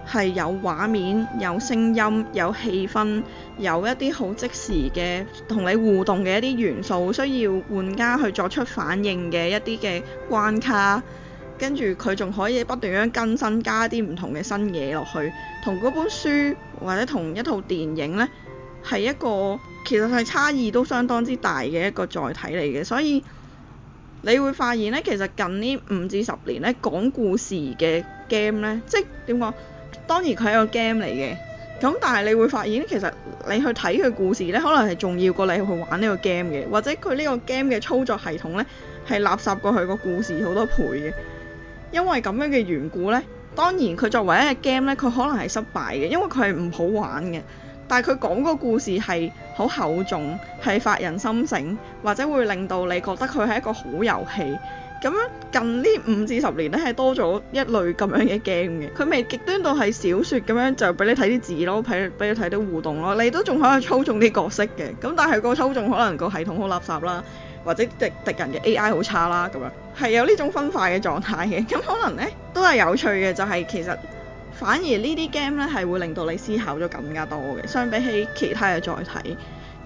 係有畫面、有聲音、有氣氛，有一啲好即時嘅同你互動嘅一啲元素，需要玩家去作出反應嘅一啲嘅關卡，跟住佢仲可以不斷咁樣更新加啲唔同嘅新嘢落去，同嗰本書或者同一套電影呢。係一個其實係差異都相當之大嘅一個載體嚟嘅，所以你會發現呢，其實近呢五至十年呢，講故事嘅 game 呢，即係點講？當然佢係個 game 嚟嘅，咁但係你會發現呢，其實你去睇佢故事呢，可能係重要過你去玩呢個 game 嘅，或者佢呢個 game 嘅操作系統呢，係垃圾過佢個故事好多倍嘅。因為咁樣嘅緣故呢，當然佢作為一個 game 呢，佢可能係失敗嘅，因為佢係唔好玩嘅。但係佢講個故事係好厚重，係發人心省，或者會令到你覺得佢係一個好遊戲。咁樣近呢五至十年咧，係多咗一類咁樣嘅 game 嘅。佢未極端到係小說咁樣就俾你睇啲字咯，俾俾你睇啲互動咯，你都仲可以操縱啲角色嘅。咁但係個操縱可能個系統好垃圾啦，或者敵敵人嘅 AI 好差啦，咁樣係有呢種分化嘅狀態嘅。咁可能呢，都係有趣嘅，就係、是、其實。反而呢啲 game 咧係會令到你思考咗更加多嘅，相比起其他嘅載體，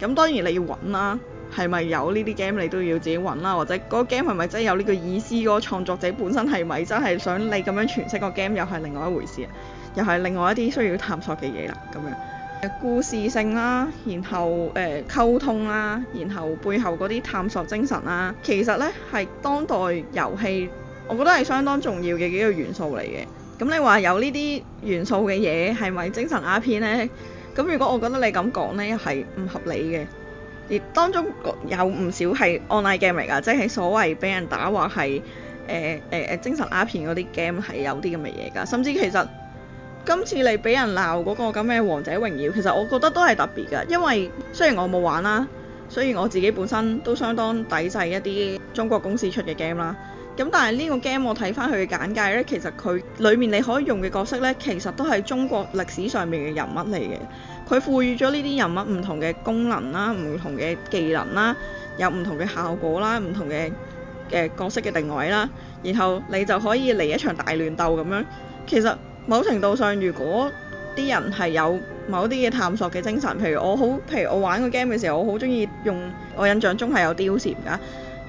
咁當然你要揾啦，係咪有呢啲 game 你都要自己揾啦，或者嗰 game 係咪真係有呢個意思？嗰、那個創作者本身係咪真係想你咁樣詮釋個 game 又係另，另外一回事，又係另外一啲需要探索嘅嘢啦，咁樣。故事性啦，然後誒、呃、溝通啦，然後背後嗰啲探索精神啦，其實呢，係當代遊戲，我覺得係相當重要嘅幾個元素嚟嘅。咁你話有呢啲元素嘅嘢係咪精神鴉片呢？咁如果我覺得你咁講呢，又係唔合理嘅。而當中有唔少係 online game 嚟噶，即係所謂俾人打話係誒誒精神鴉片嗰啲 game 係有啲咁嘅嘢噶。甚至其實今次你俾人鬧嗰個咁嘅《王者榮耀》，其實我覺得都係特別噶，因為雖然我冇玩啦，雖然我自己本身都相當抵制一啲中國公司出嘅 game 啦。咁但係呢個 game 我睇翻佢嘅簡介呢，其實佢裡面你可以用嘅角色呢，其實都係中國歷史上面嘅人物嚟嘅。佢賦予咗呢啲人物唔同嘅功能啦、唔同嘅技能啦、有唔同嘅效果啦、唔同嘅、呃、角色嘅定位啦，然後你就可以嚟一場大亂鬥咁樣。其實某程度上，如果啲人係有某啲嘅探索嘅精神，譬如我好，譬如我玩個 game 嘅時候，我好中意用，我印象中係有貂蟬㗎。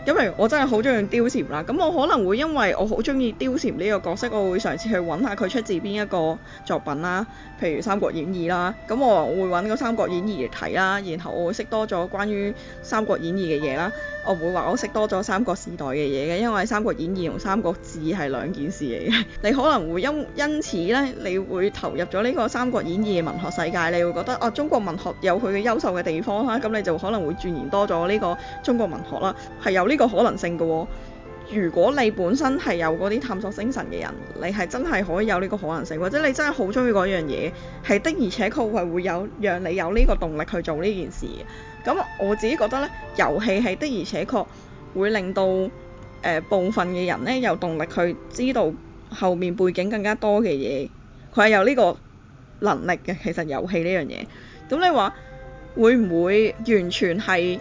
因為我真係好中意貂蟬啦，咁我可能會因為我好中意貂蟬呢個角色，我會嘗試去揾下佢出自邊一個作品啦，譬如《三國演義》啦，咁我會揾個《三國演義》嚟睇啦，然後我會識多咗關於《三國演義》嘅嘢啦。我唔會話我會識多咗《三國時代》嘅嘢嘅，因為《三國演義》同《三國志》係兩件事嚟嘅。你可能會因因此呢，你會投入咗呢個《三國演義》嘅文學世界，你會覺得啊，中國文學有佢嘅優秀嘅地方啦，咁你就可能會鑽研多咗呢個中國文學啦，係有呢。呢個可能性嘅喎、哦，如果你本身係有嗰啲探索精神嘅人，你係真係可以有呢個可能性，或者你真係好中意嗰樣嘢，係的而且確係會有讓你有呢個動力去做呢件事嘅。咁我自己覺得呢，遊戲係的而且確會令到誒、呃、部分嘅人呢，有動力去知道後面背景更加多嘅嘢，佢係有呢個能力嘅。其實遊戲呢樣嘢，咁你話會唔會完全係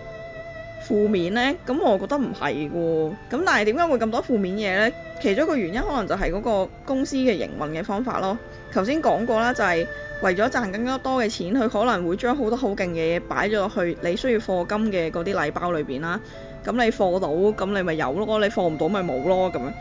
負面呢，咁我覺得唔係喎。咁但係點解會咁多負面嘢呢？其中一個原因可能就係嗰個公司嘅營運嘅方法咯。頭先講過啦，就係為咗賺更加多嘅錢，佢可能會將好多好勁嘅嘢擺咗落去你需要課金嘅嗰啲禮包裏邊啦。咁你課到，咁你咪有咯；你課唔到，咪冇咯咁樣。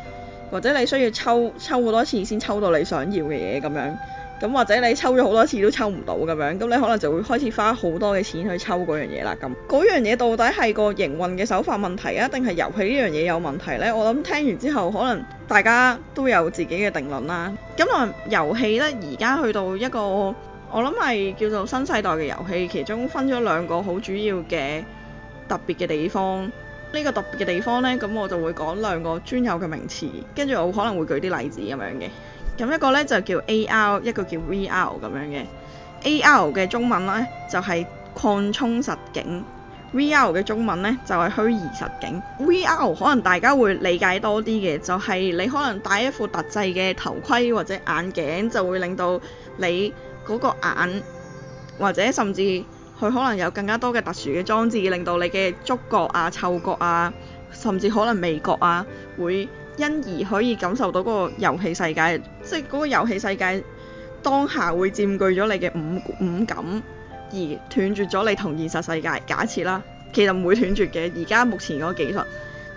或者你需要抽抽好多次先抽到你想要嘅嘢咁樣。咁或者你抽咗好多次都抽唔到咁樣，咁你可能就會開始花好多嘅錢去抽嗰樣嘢啦。咁嗰樣嘢到底係個營運嘅手法問題，啊，定係遊戲呢樣嘢有問題咧？我諗聽完之後可能大家都有自己嘅定論啦。咁啊，遊戲咧而家去到一個我諗係叫做新世代嘅遊戲，其中分咗兩個好主要嘅特別嘅地方。呢個特別嘅地方咧，咁我就會講兩個專有嘅名詞，跟住我可能會舉啲例子咁樣嘅。咁一個咧就叫 AR，一個叫 VR 咁樣嘅。AR 嘅中文咧就係擴充實境，VR 嘅中文咧就係虛擬實境。VR 可能大家會理解多啲嘅，就係你可能戴一副特製嘅頭盔或者眼鏡，就會令到你嗰個眼或者甚至佢可能有更加多嘅特殊嘅裝置，令到你嘅觸覺啊、嗅覺啊，甚至可能味覺啊會。因而可以感受到嗰個遊戲世界，即係嗰個遊戲世界當下會佔據咗你嘅五五感，而斷絕咗你同現實世界。假設啦，其實唔會斷絕嘅。而家目前嗰技術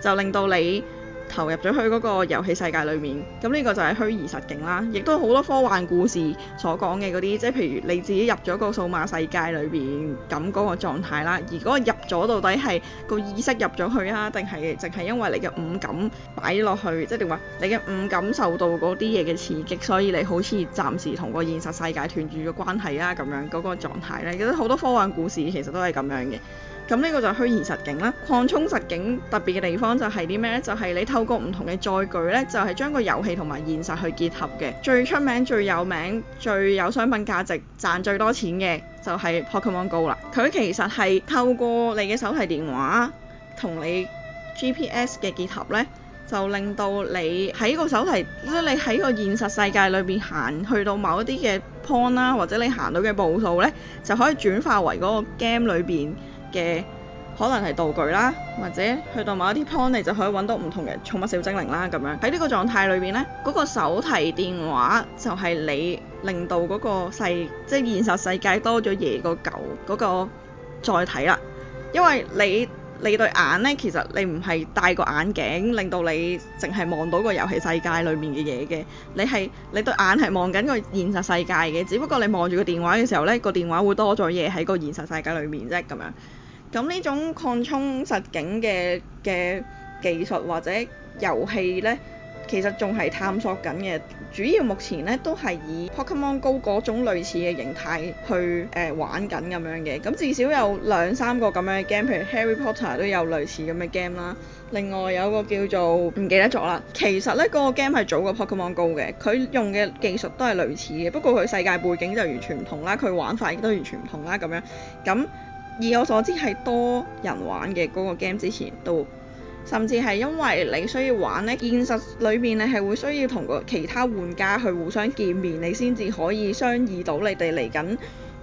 就令到你。投入咗去嗰個遊戲世界裏面，咁呢個就係虛擬實境啦，亦都好多科幻故事所講嘅嗰啲，即係譬如你自己入咗個數碼世界裏邊，咁嗰個狀態啦。如果入咗到底係個意識入咗去啊，定係淨係因為你嘅五感擺落去，即係點話，你嘅五感受到嗰啲嘢嘅刺激，所以你好似暫時同個現實世界斷絕咗關係啦，咁樣嗰個狀態咧。好多科幻故事其實都係咁樣嘅。咁呢個就虛擬實境啦。擴充實境特別嘅地方就係啲咩呢？就係你透過唔同嘅載具呢，就係將個遊戲同埋現實去結合嘅。最出名、最有名、最有商品價值、賺最多錢嘅就係 Pokemon Go 啦。佢其實係透過你嘅手提電話同你 GPS 嘅結合呢，就令到你喺個手提即係你喺個現實世界裏邊行去到某一啲嘅 point 啦，或者你行到嘅步數呢，就可以轉化為嗰個 game 裏邊。嘅可能係道具啦，或者去到某一啲 point 你就可以揾到唔同嘅寵物小精靈啦。咁樣喺呢個狀態裏面呢，嗰、嗰個手提電話就係你令到嗰個世即係現實世界多咗嘢，嗰個舊嗰個載體啦。因為你你對眼呢，其實你唔係戴個眼鏡令到你淨係望到個遊戲世界裏面嘅嘢嘅，你係你對眼係望緊個現實世界嘅。只不過你望住個電話嘅時候呢，個電話會多咗嘢喺個現實世界裏面啫，咁樣。咁呢種擴充實境嘅嘅技術或者遊戲呢，其實仲係探索緊嘅。主要目前呢，都係以 Pokemon Go 嗰種類似嘅形態去誒、呃、玩緊咁樣嘅。咁至少有兩三個咁樣嘅 game，譬如 Harry Potter 都有類似咁嘅 game 啦。另外有個叫做唔記得咗啦。其實呢個 game 係早過 Pokemon Go 嘅，佢用嘅技術都係類似嘅，不過佢世界背景就完全唔同啦，佢玩法亦都完全唔同啦咁樣。咁以我所知係多人玩嘅嗰個 game 之前都，甚至係因為你需要玩，呢現實裏面你係會需要同個其他玩家去互相見面，你先至可以商議到你哋嚟緊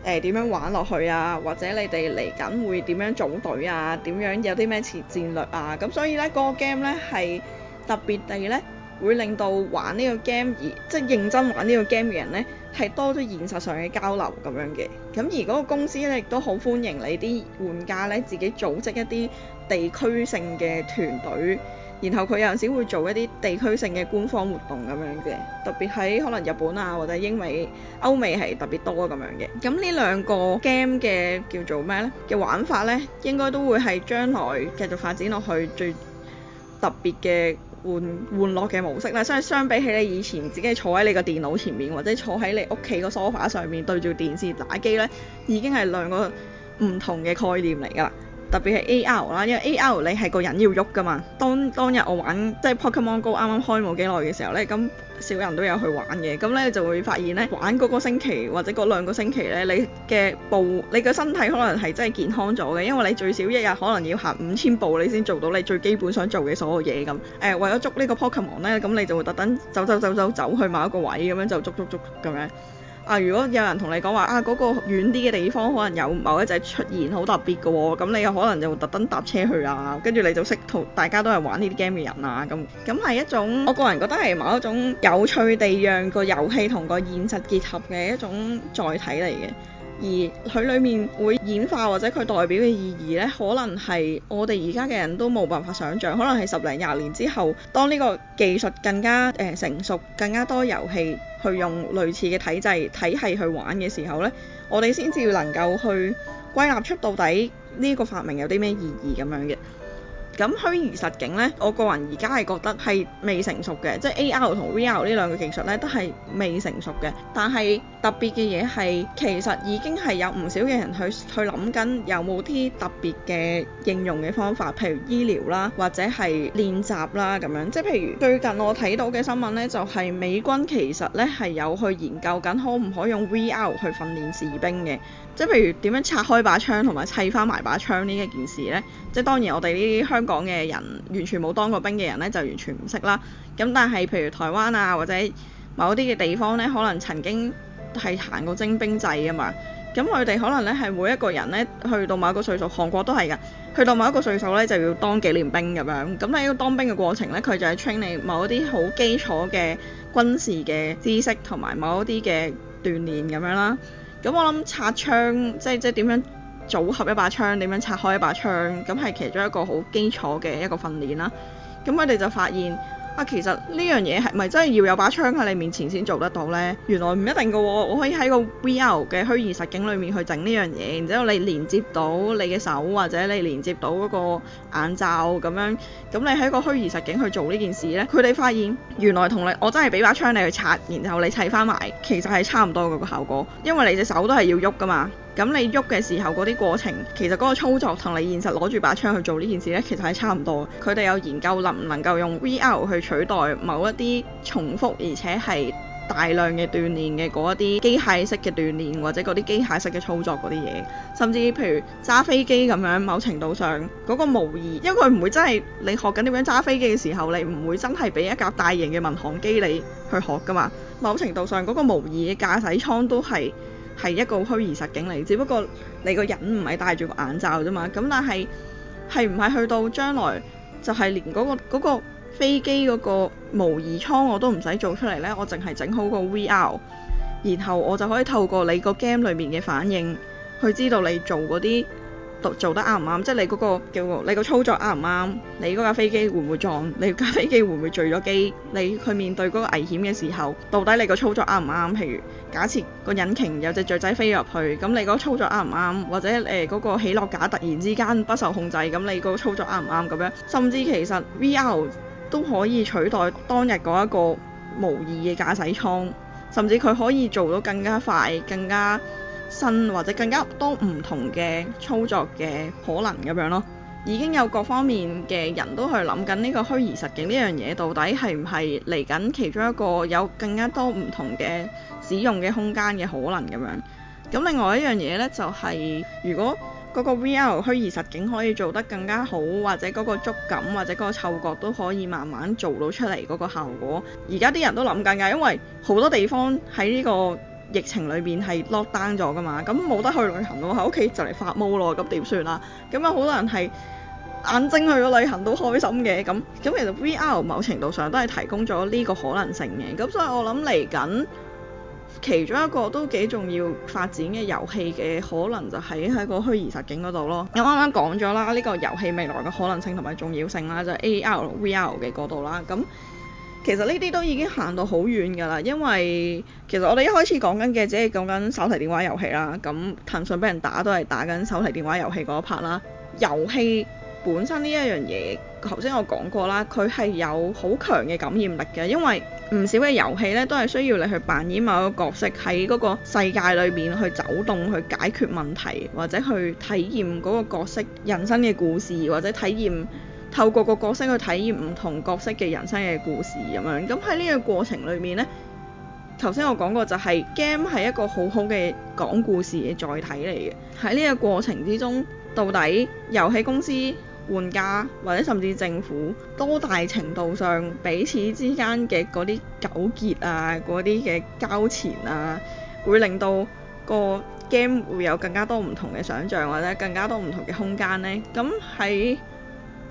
誒點樣玩落去啊，或者你哋嚟緊會點樣組隊啊，點樣有啲咩戰略啊，咁所以呢，嗰個 game 呢係特別地呢。會令到玩呢個 game 而即係認真玩呢個 game 嘅人呢，係多咗現實上嘅交流咁樣嘅。咁而嗰個公司呢，亦都好歡迎你啲玩家呢，自己組織一啲地區性嘅團隊，然後佢有陣時會做一啲地區性嘅官方活動咁樣嘅。特別喺可能日本啊或者英美歐美係特別多咁樣嘅。咁呢兩個 game 嘅叫做咩呢？嘅玩法呢，應該都會係將來繼續發展落去最。特別嘅玩玩樂嘅模式啦，所以相比起你以前自己坐喺你個電腦前面，或者坐喺你屋企個 sofa 上面對住電視打機呢，已經係兩個唔同嘅概念嚟㗎喇。特別係 AR 啦，因為 AR 你係個人要喐㗎嘛。當當日我玩即係 Pokemon Go 啱啱開冇幾耐嘅時候呢。咁。少人都有去玩嘅，咁呢，就會發現呢，玩嗰個星期或者嗰兩個，個星期呢，你嘅步，你嘅身體可能係真係健康咗嘅，因為你最少一日可能要行五千步，你先做到你最基本想做嘅所有嘢咁。誒、呃，為咗捉呢個 Pokemon、ok、呢，咁你就會特登走走走走走去某一個位咁樣就捉捉捉咁樣。啊！如果有人同你講話啊，嗰個遠啲嘅地方可能有某一隻出現，好特別嘅喎，咁你又可能就特登搭車去啊，跟住你就識同大家都係玩呢啲 game 嘅人啊，咁，咁係一種我個人覺得係某一種有趣地讓個遊戲同個現實結合嘅一種載體嚟嘅。而佢裏面會演化或者佢代表嘅意義呢，可能係我哋而家嘅人都冇辦法想像，可能係十零廿年之後，當呢個技術更加誒、呃、成熟，更加多遊戲去用類似嘅體制體系去玩嘅時候呢，我哋先至能夠去歸納出到底呢個發明有啲咩意義咁樣嘅。咁虛擬實境呢，我個人而家係覺得係未成熟嘅，即係 AR 同 VR 呢兩個技術呢都係未成熟嘅。但係特別嘅嘢係，其實已經係有唔少嘅人去去諗緊有冇啲特別嘅應用嘅方法，譬如醫療啦，或者係練習啦咁樣。即係譬如最近我睇到嘅新聞呢，就係美軍其實呢係有去研究緊可唔可以用 VR 去訓練士兵嘅。即係譬如點樣拆開把槍同埋砌翻埋把槍呢一件事呢？即係當然我哋呢啲香港嘅人完全冇當過兵嘅人呢，就完全唔識啦。咁但係譬如台灣啊或者某啲嘅地方呢，可能曾經係行過徵兵制啊嘛。咁佢哋可能呢，係每一個人呢，去到某一個歲數，韓國都係噶，去到某一個歲數呢，就要當幾年兵咁樣。咁喺個當兵嘅過程呢，佢就係 train 你某一啲好基礎嘅軍事嘅知識同埋某一啲嘅鍛鍊咁樣啦。咁我諗拆槍，即係即係點樣組合一把槍，點樣拆開一把槍，咁係其中一個好基礎嘅一個訓練啦。咁佢哋就發現。啊，其實呢樣嘢係咪真係要有把槍喺你面前先做得到呢？原來唔一定噶喎，我可以喺個 VR 嘅虛擬實境裡面去整呢樣嘢，然之後你連接到你嘅手或者你連接到嗰個眼罩咁樣，咁你喺個虛擬實境去做呢件事呢，佢哋發現原來同你我真係畀把槍你去拆，然後你砌翻埋，其實係差唔多嗰、嗰個效果，因為你隻手都係要喐噶嘛。咁你喐嘅時候嗰啲過程，其實嗰個操作同你現實攞住把槍去做呢件事呢，其實係差唔多。佢哋有研究能唔能夠用 VR 去取代某一啲重複而且係大量嘅鍛煉嘅嗰一啲機械式嘅鍛煉，或者嗰啲機械式嘅操作嗰啲嘢，甚至譬如揸飛機咁樣，某程度上嗰個模擬，因為佢唔會真係你學緊點樣揸飛機嘅時候，你唔會真係俾一架大型嘅民航機你去學噶嘛。某程度上嗰個模擬嘅駕駛艙都係。係一個虛擬實境嚟，只不過你個人唔係戴住個眼罩啫嘛。咁但係係唔係去到將來就係連嗰個嗰個飛機嗰個模擬艙我都唔使做出嚟呢？我淨係整好個 VR，然後我就可以透過你個 game 裏面嘅反應去知道你做嗰啲。做得啱唔啱？即係你嗰、嗰個叫你個操作啱唔啱？你嗰架飛機會唔會撞？你架飛機會唔會墜咗機？你去面對嗰個危險嘅時候，到底你個操作啱唔啱？譬如假設個引擎有隻雀仔飛入去，咁你嗰個操作啱唔啱？或者誒嗰個起落架突然之間不受控制，咁你個操作啱唔啱咁樣？甚至其實 VR 都可以取代當日嗰一個模擬嘅駕駛艙，甚至佢可以做到更加快、更加。或者更加多唔同嘅操作嘅可能咁樣咯，已經有各方面嘅人都去諗緊呢個虛擬實境呢樣嘢到底係唔係嚟緊其中一個有更加多唔同嘅使用嘅空間嘅可能咁樣。咁另外一樣嘢呢，就係、是，如果嗰個 VR 虛擬實境可以做得更加好，或者嗰個觸感或者嗰個嗅覺都可以慢慢做到出嚟嗰個效果，而家啲人都諗緊㗎，因為好多地方喺呢、這個。疫情裏邊係 lockdown 咗噶嘛，咁冇得去旅行喎，喺屋企就嚟發毛咯，咁點算啦？咁啊好多人係眼睛去咗旅行都開心嘅，咁咁其實 VR 某程度上都係提供咗呢個可能性嘅，咁所以我諗嚟緊其中一個都幾重要發展嘅遊戲嘅可能就喺喺個虛擬實境嗰度咯。我啱啱講咗啦，呢個遊戲未來嘅可能性同埋重要性啦，就係 AR、VR 嘅角度啦，咁。其實呢啲都已經行到好遠㗎啦，因為其實我哋一開始講緊嘅只係講緊手提電話遊戲啦，咁騰訊俾人打都係打緊手提電話遊戲嗰一 part 啦。遊戲本身呢一樣嘢，頭先我講過啦，佢係有好強嘅感染力嘅，因為唔少嘅遊戲呢，都係需要你去扮演某個角色喺嗰個世界裏面去走動、去解決問題或者去體驗嗰個角色人生嘅故事或者體驗。透過個角色去體驗唔同角色嘅人生嘅故事咁樣，咁喺呢個過程裏面呢，頭先我講過就係 game 係一個好好嘅講故事嘅載體嚟嘅。喺呢個過程之中，到底遊戲公司、玩家或者甚至政府多大程度上彼此之間嘅嗰啲糾結啊、嗰啲嘅交纏啊，會令到個 game 會有更加多唔同嘅想像或者更加多唔同嘅空間呢？咁喺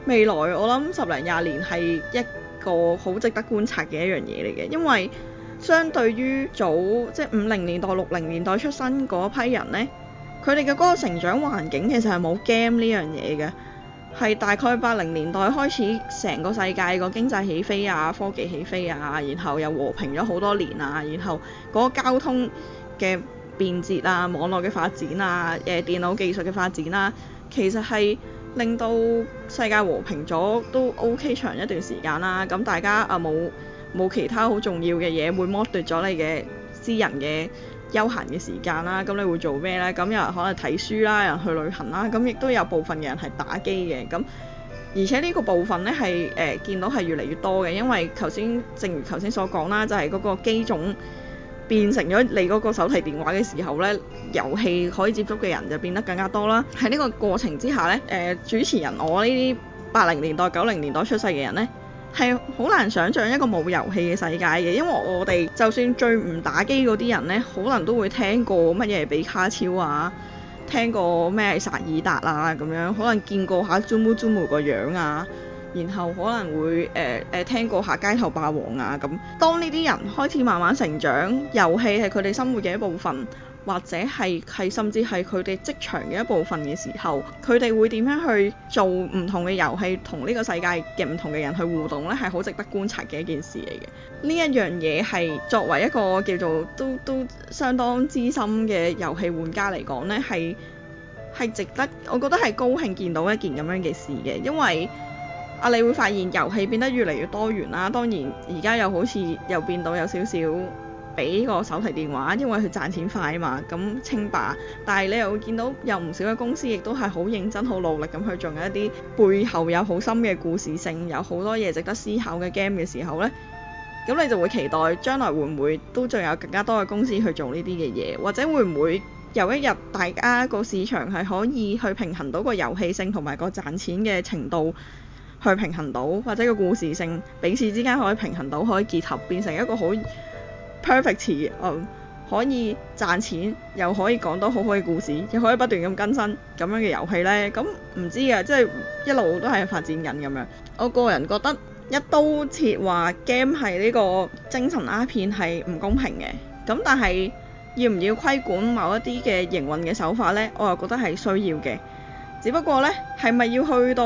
未來我諗十零廿年係一個好值得觀察嘅一樣嘢嚟嘅，因為相對於早即係五零年代、六零年代出生嗰批人呢，佢哋嘅嗰個成長環境其實係冇 game 呢樣嘢嘅，係大概八零年代開始，成個世界個經濟起飛啊、科技起飛啊，然後又和平咗好多年啊，然後嗰個交通嘅便捷啊、網絡嘅發展啊、誒電腦技術嘅發展啊，其實係，令到世界和平咗都 OK 長一段時間啦，咁大家啊冇冇其他好重要嘅嘢會剝奪咗你嘅私人嘅休閒嘅時間啦，咁你會做咩呢？咁有人可能睇書啦，有人去旅行啦，咁亦都有部分嘅人係打機嘅，咁而且呢個部分呢，係誒見到係越嚟越多嘅，因為頭先正如頭先所講啦，就係嗰個機種。變成咗你嗰個手提電話嘅時候，呢，遊戲可以接觸嘅人就變得更加多啦。喺呢個過程之下呢誒、呃、主持人我呢啲八零年代、九零年代出世嘅人呢，係好難想像一個冇遊戲嘅世界嘅，因為我哋就算最唔打機嗰啲人呢，可能都會聽過乜嘢比卡超啊，聽過咩薩爾達啊咁樣，可能見過下 Zoomu Zoomu 個樣啊。然後可能會誒誒、呃呃、聽過下《街頭霸王》啊咁。當呢啲人開始慢慢成長，遊戲係佢哋生活嘅一部分，或者係係甚至係佢哋職場嘅一部分嘅時候，佢哋會點樣去做唔同嘅遊戲，同呢個世界嘅唔同嘅人去互動呢？係好值得觀察嘅一件事嚟嘅。呢一樣嘢係作為一個叫做都都相當資深嘅遊戲玩家嚟講呢，係係值得我覺得係高興見到一件咁樣嘅事嘅，因為。啊！你會發現遊戲變得越嚟越多元啦。當然，而家又好似又變到有少少俾個手提電話，因為佢賺錢快啊嘛，咁稱霸。但係你又會見到有唔少嘅公司亦都係好認真、好努力咁去做一啲背後有好深嘅故事性、有好多嘢值得思考嘅 game 嘅時候呢，咁你就會期待將來會唔會都仲有更加多嘅公司去做呢啲嘅嘢，或者會唔會有一日大家個市場係可以去平衡到個遊戲性同埋個賺錢嘅程度？去平衡到，或者個故事性彼此之間可以平衡到，可以結合變成一個好 perfect、嗯、可以賺錢又可以講到好好嘅故事，又可以不斷咁更新咁樣嘅遊戲呢，咁唔知呀，即係一路都係發展緊咁樣。我個人覺得一刀切話 game 係呢個精神鴉片係唔公平嘅。咁但係要唔要規管某一啲嘅營運嘅手法呢？我又覺得係需要嘅。只不過呢，係咪要去到？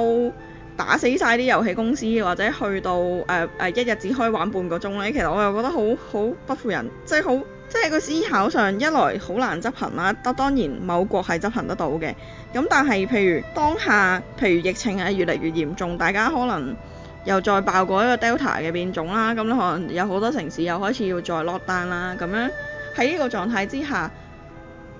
打死晒啲遊戲公司，或者去到誒誒、呃呃、一日只可以玩半個鐘咧，其實我又覺得好好不負人，即係好，即係個思考上一來好難執行啦。當當然某國係執行得到嘅，咁但係譬如當下，譬如疫情係越嚟越嚴重，大家可能又再爆過一個 Delta 嘅變種啦，咁可能有好多城市又開始要再 lock down 啦，咁樣喺呢個狀態之下。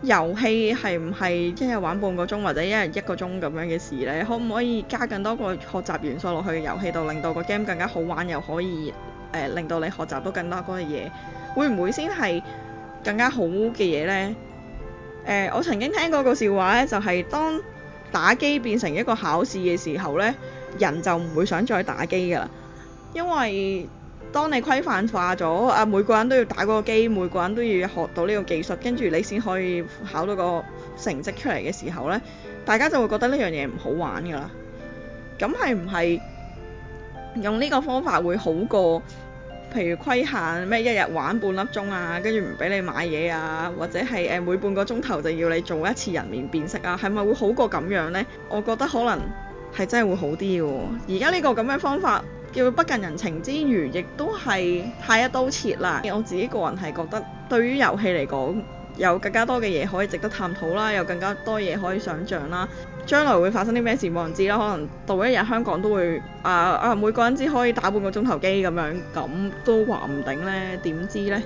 遊戲係唔係一日玩半個鐘或者一日一個鐘咁樣嘅事呢？可唔可以加更多個學習元素落去嘅遊戲度，令到個 game 更加好玩，又可以誒、呃、令到你學習到更多嗰啲嘢？會唔會先係更加好嘅嘢呢、呃？我曾經聽過個笑話呢，就係、是、當打機變成一個考試嘅時候呢，人就唔會想再打機㗎喇，因為。當你規範化咗啊，每個人都要打嗰個機，每個人都要學到呢個技術，跟住你先可以考到個成績出嚟嘅時候呢，大家就會覺得呢樣嘢唔好玩㗎啦。咁係唔係用呢個方法會好過？譬如規限咩一日玩半粒鐘啊，跟住唔俾你買嘢啊，或者係誒每半個鐘頭就要你做一次人面辨識啊，係咪會好過咁樣呢？我覺得可能係真係會好啲嘅。而家呢個咁嘅方法。叫不近人情之餘，亦都係太一刀切啦。我自己個人係覺得，對於遊戲嚟講，有更加多嘅嘢可以值得探討啦，有更加多嘢可以想像啦。將來會發生啲咩事，冇人知啦。可能到一日香港都會啊、呃、啊，每個人只可以打半個鐘頭機咁樣，咁都話唔定呢點知呢？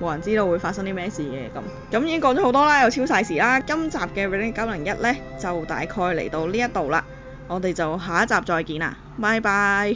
冇人知道會發生啲咩事嘅咁。咁已經講咗好多啦，又超晒時啦。今集嘅永利901呢，就大概嚟到呢一度啦。我哋就下一集再見啦，拜拜。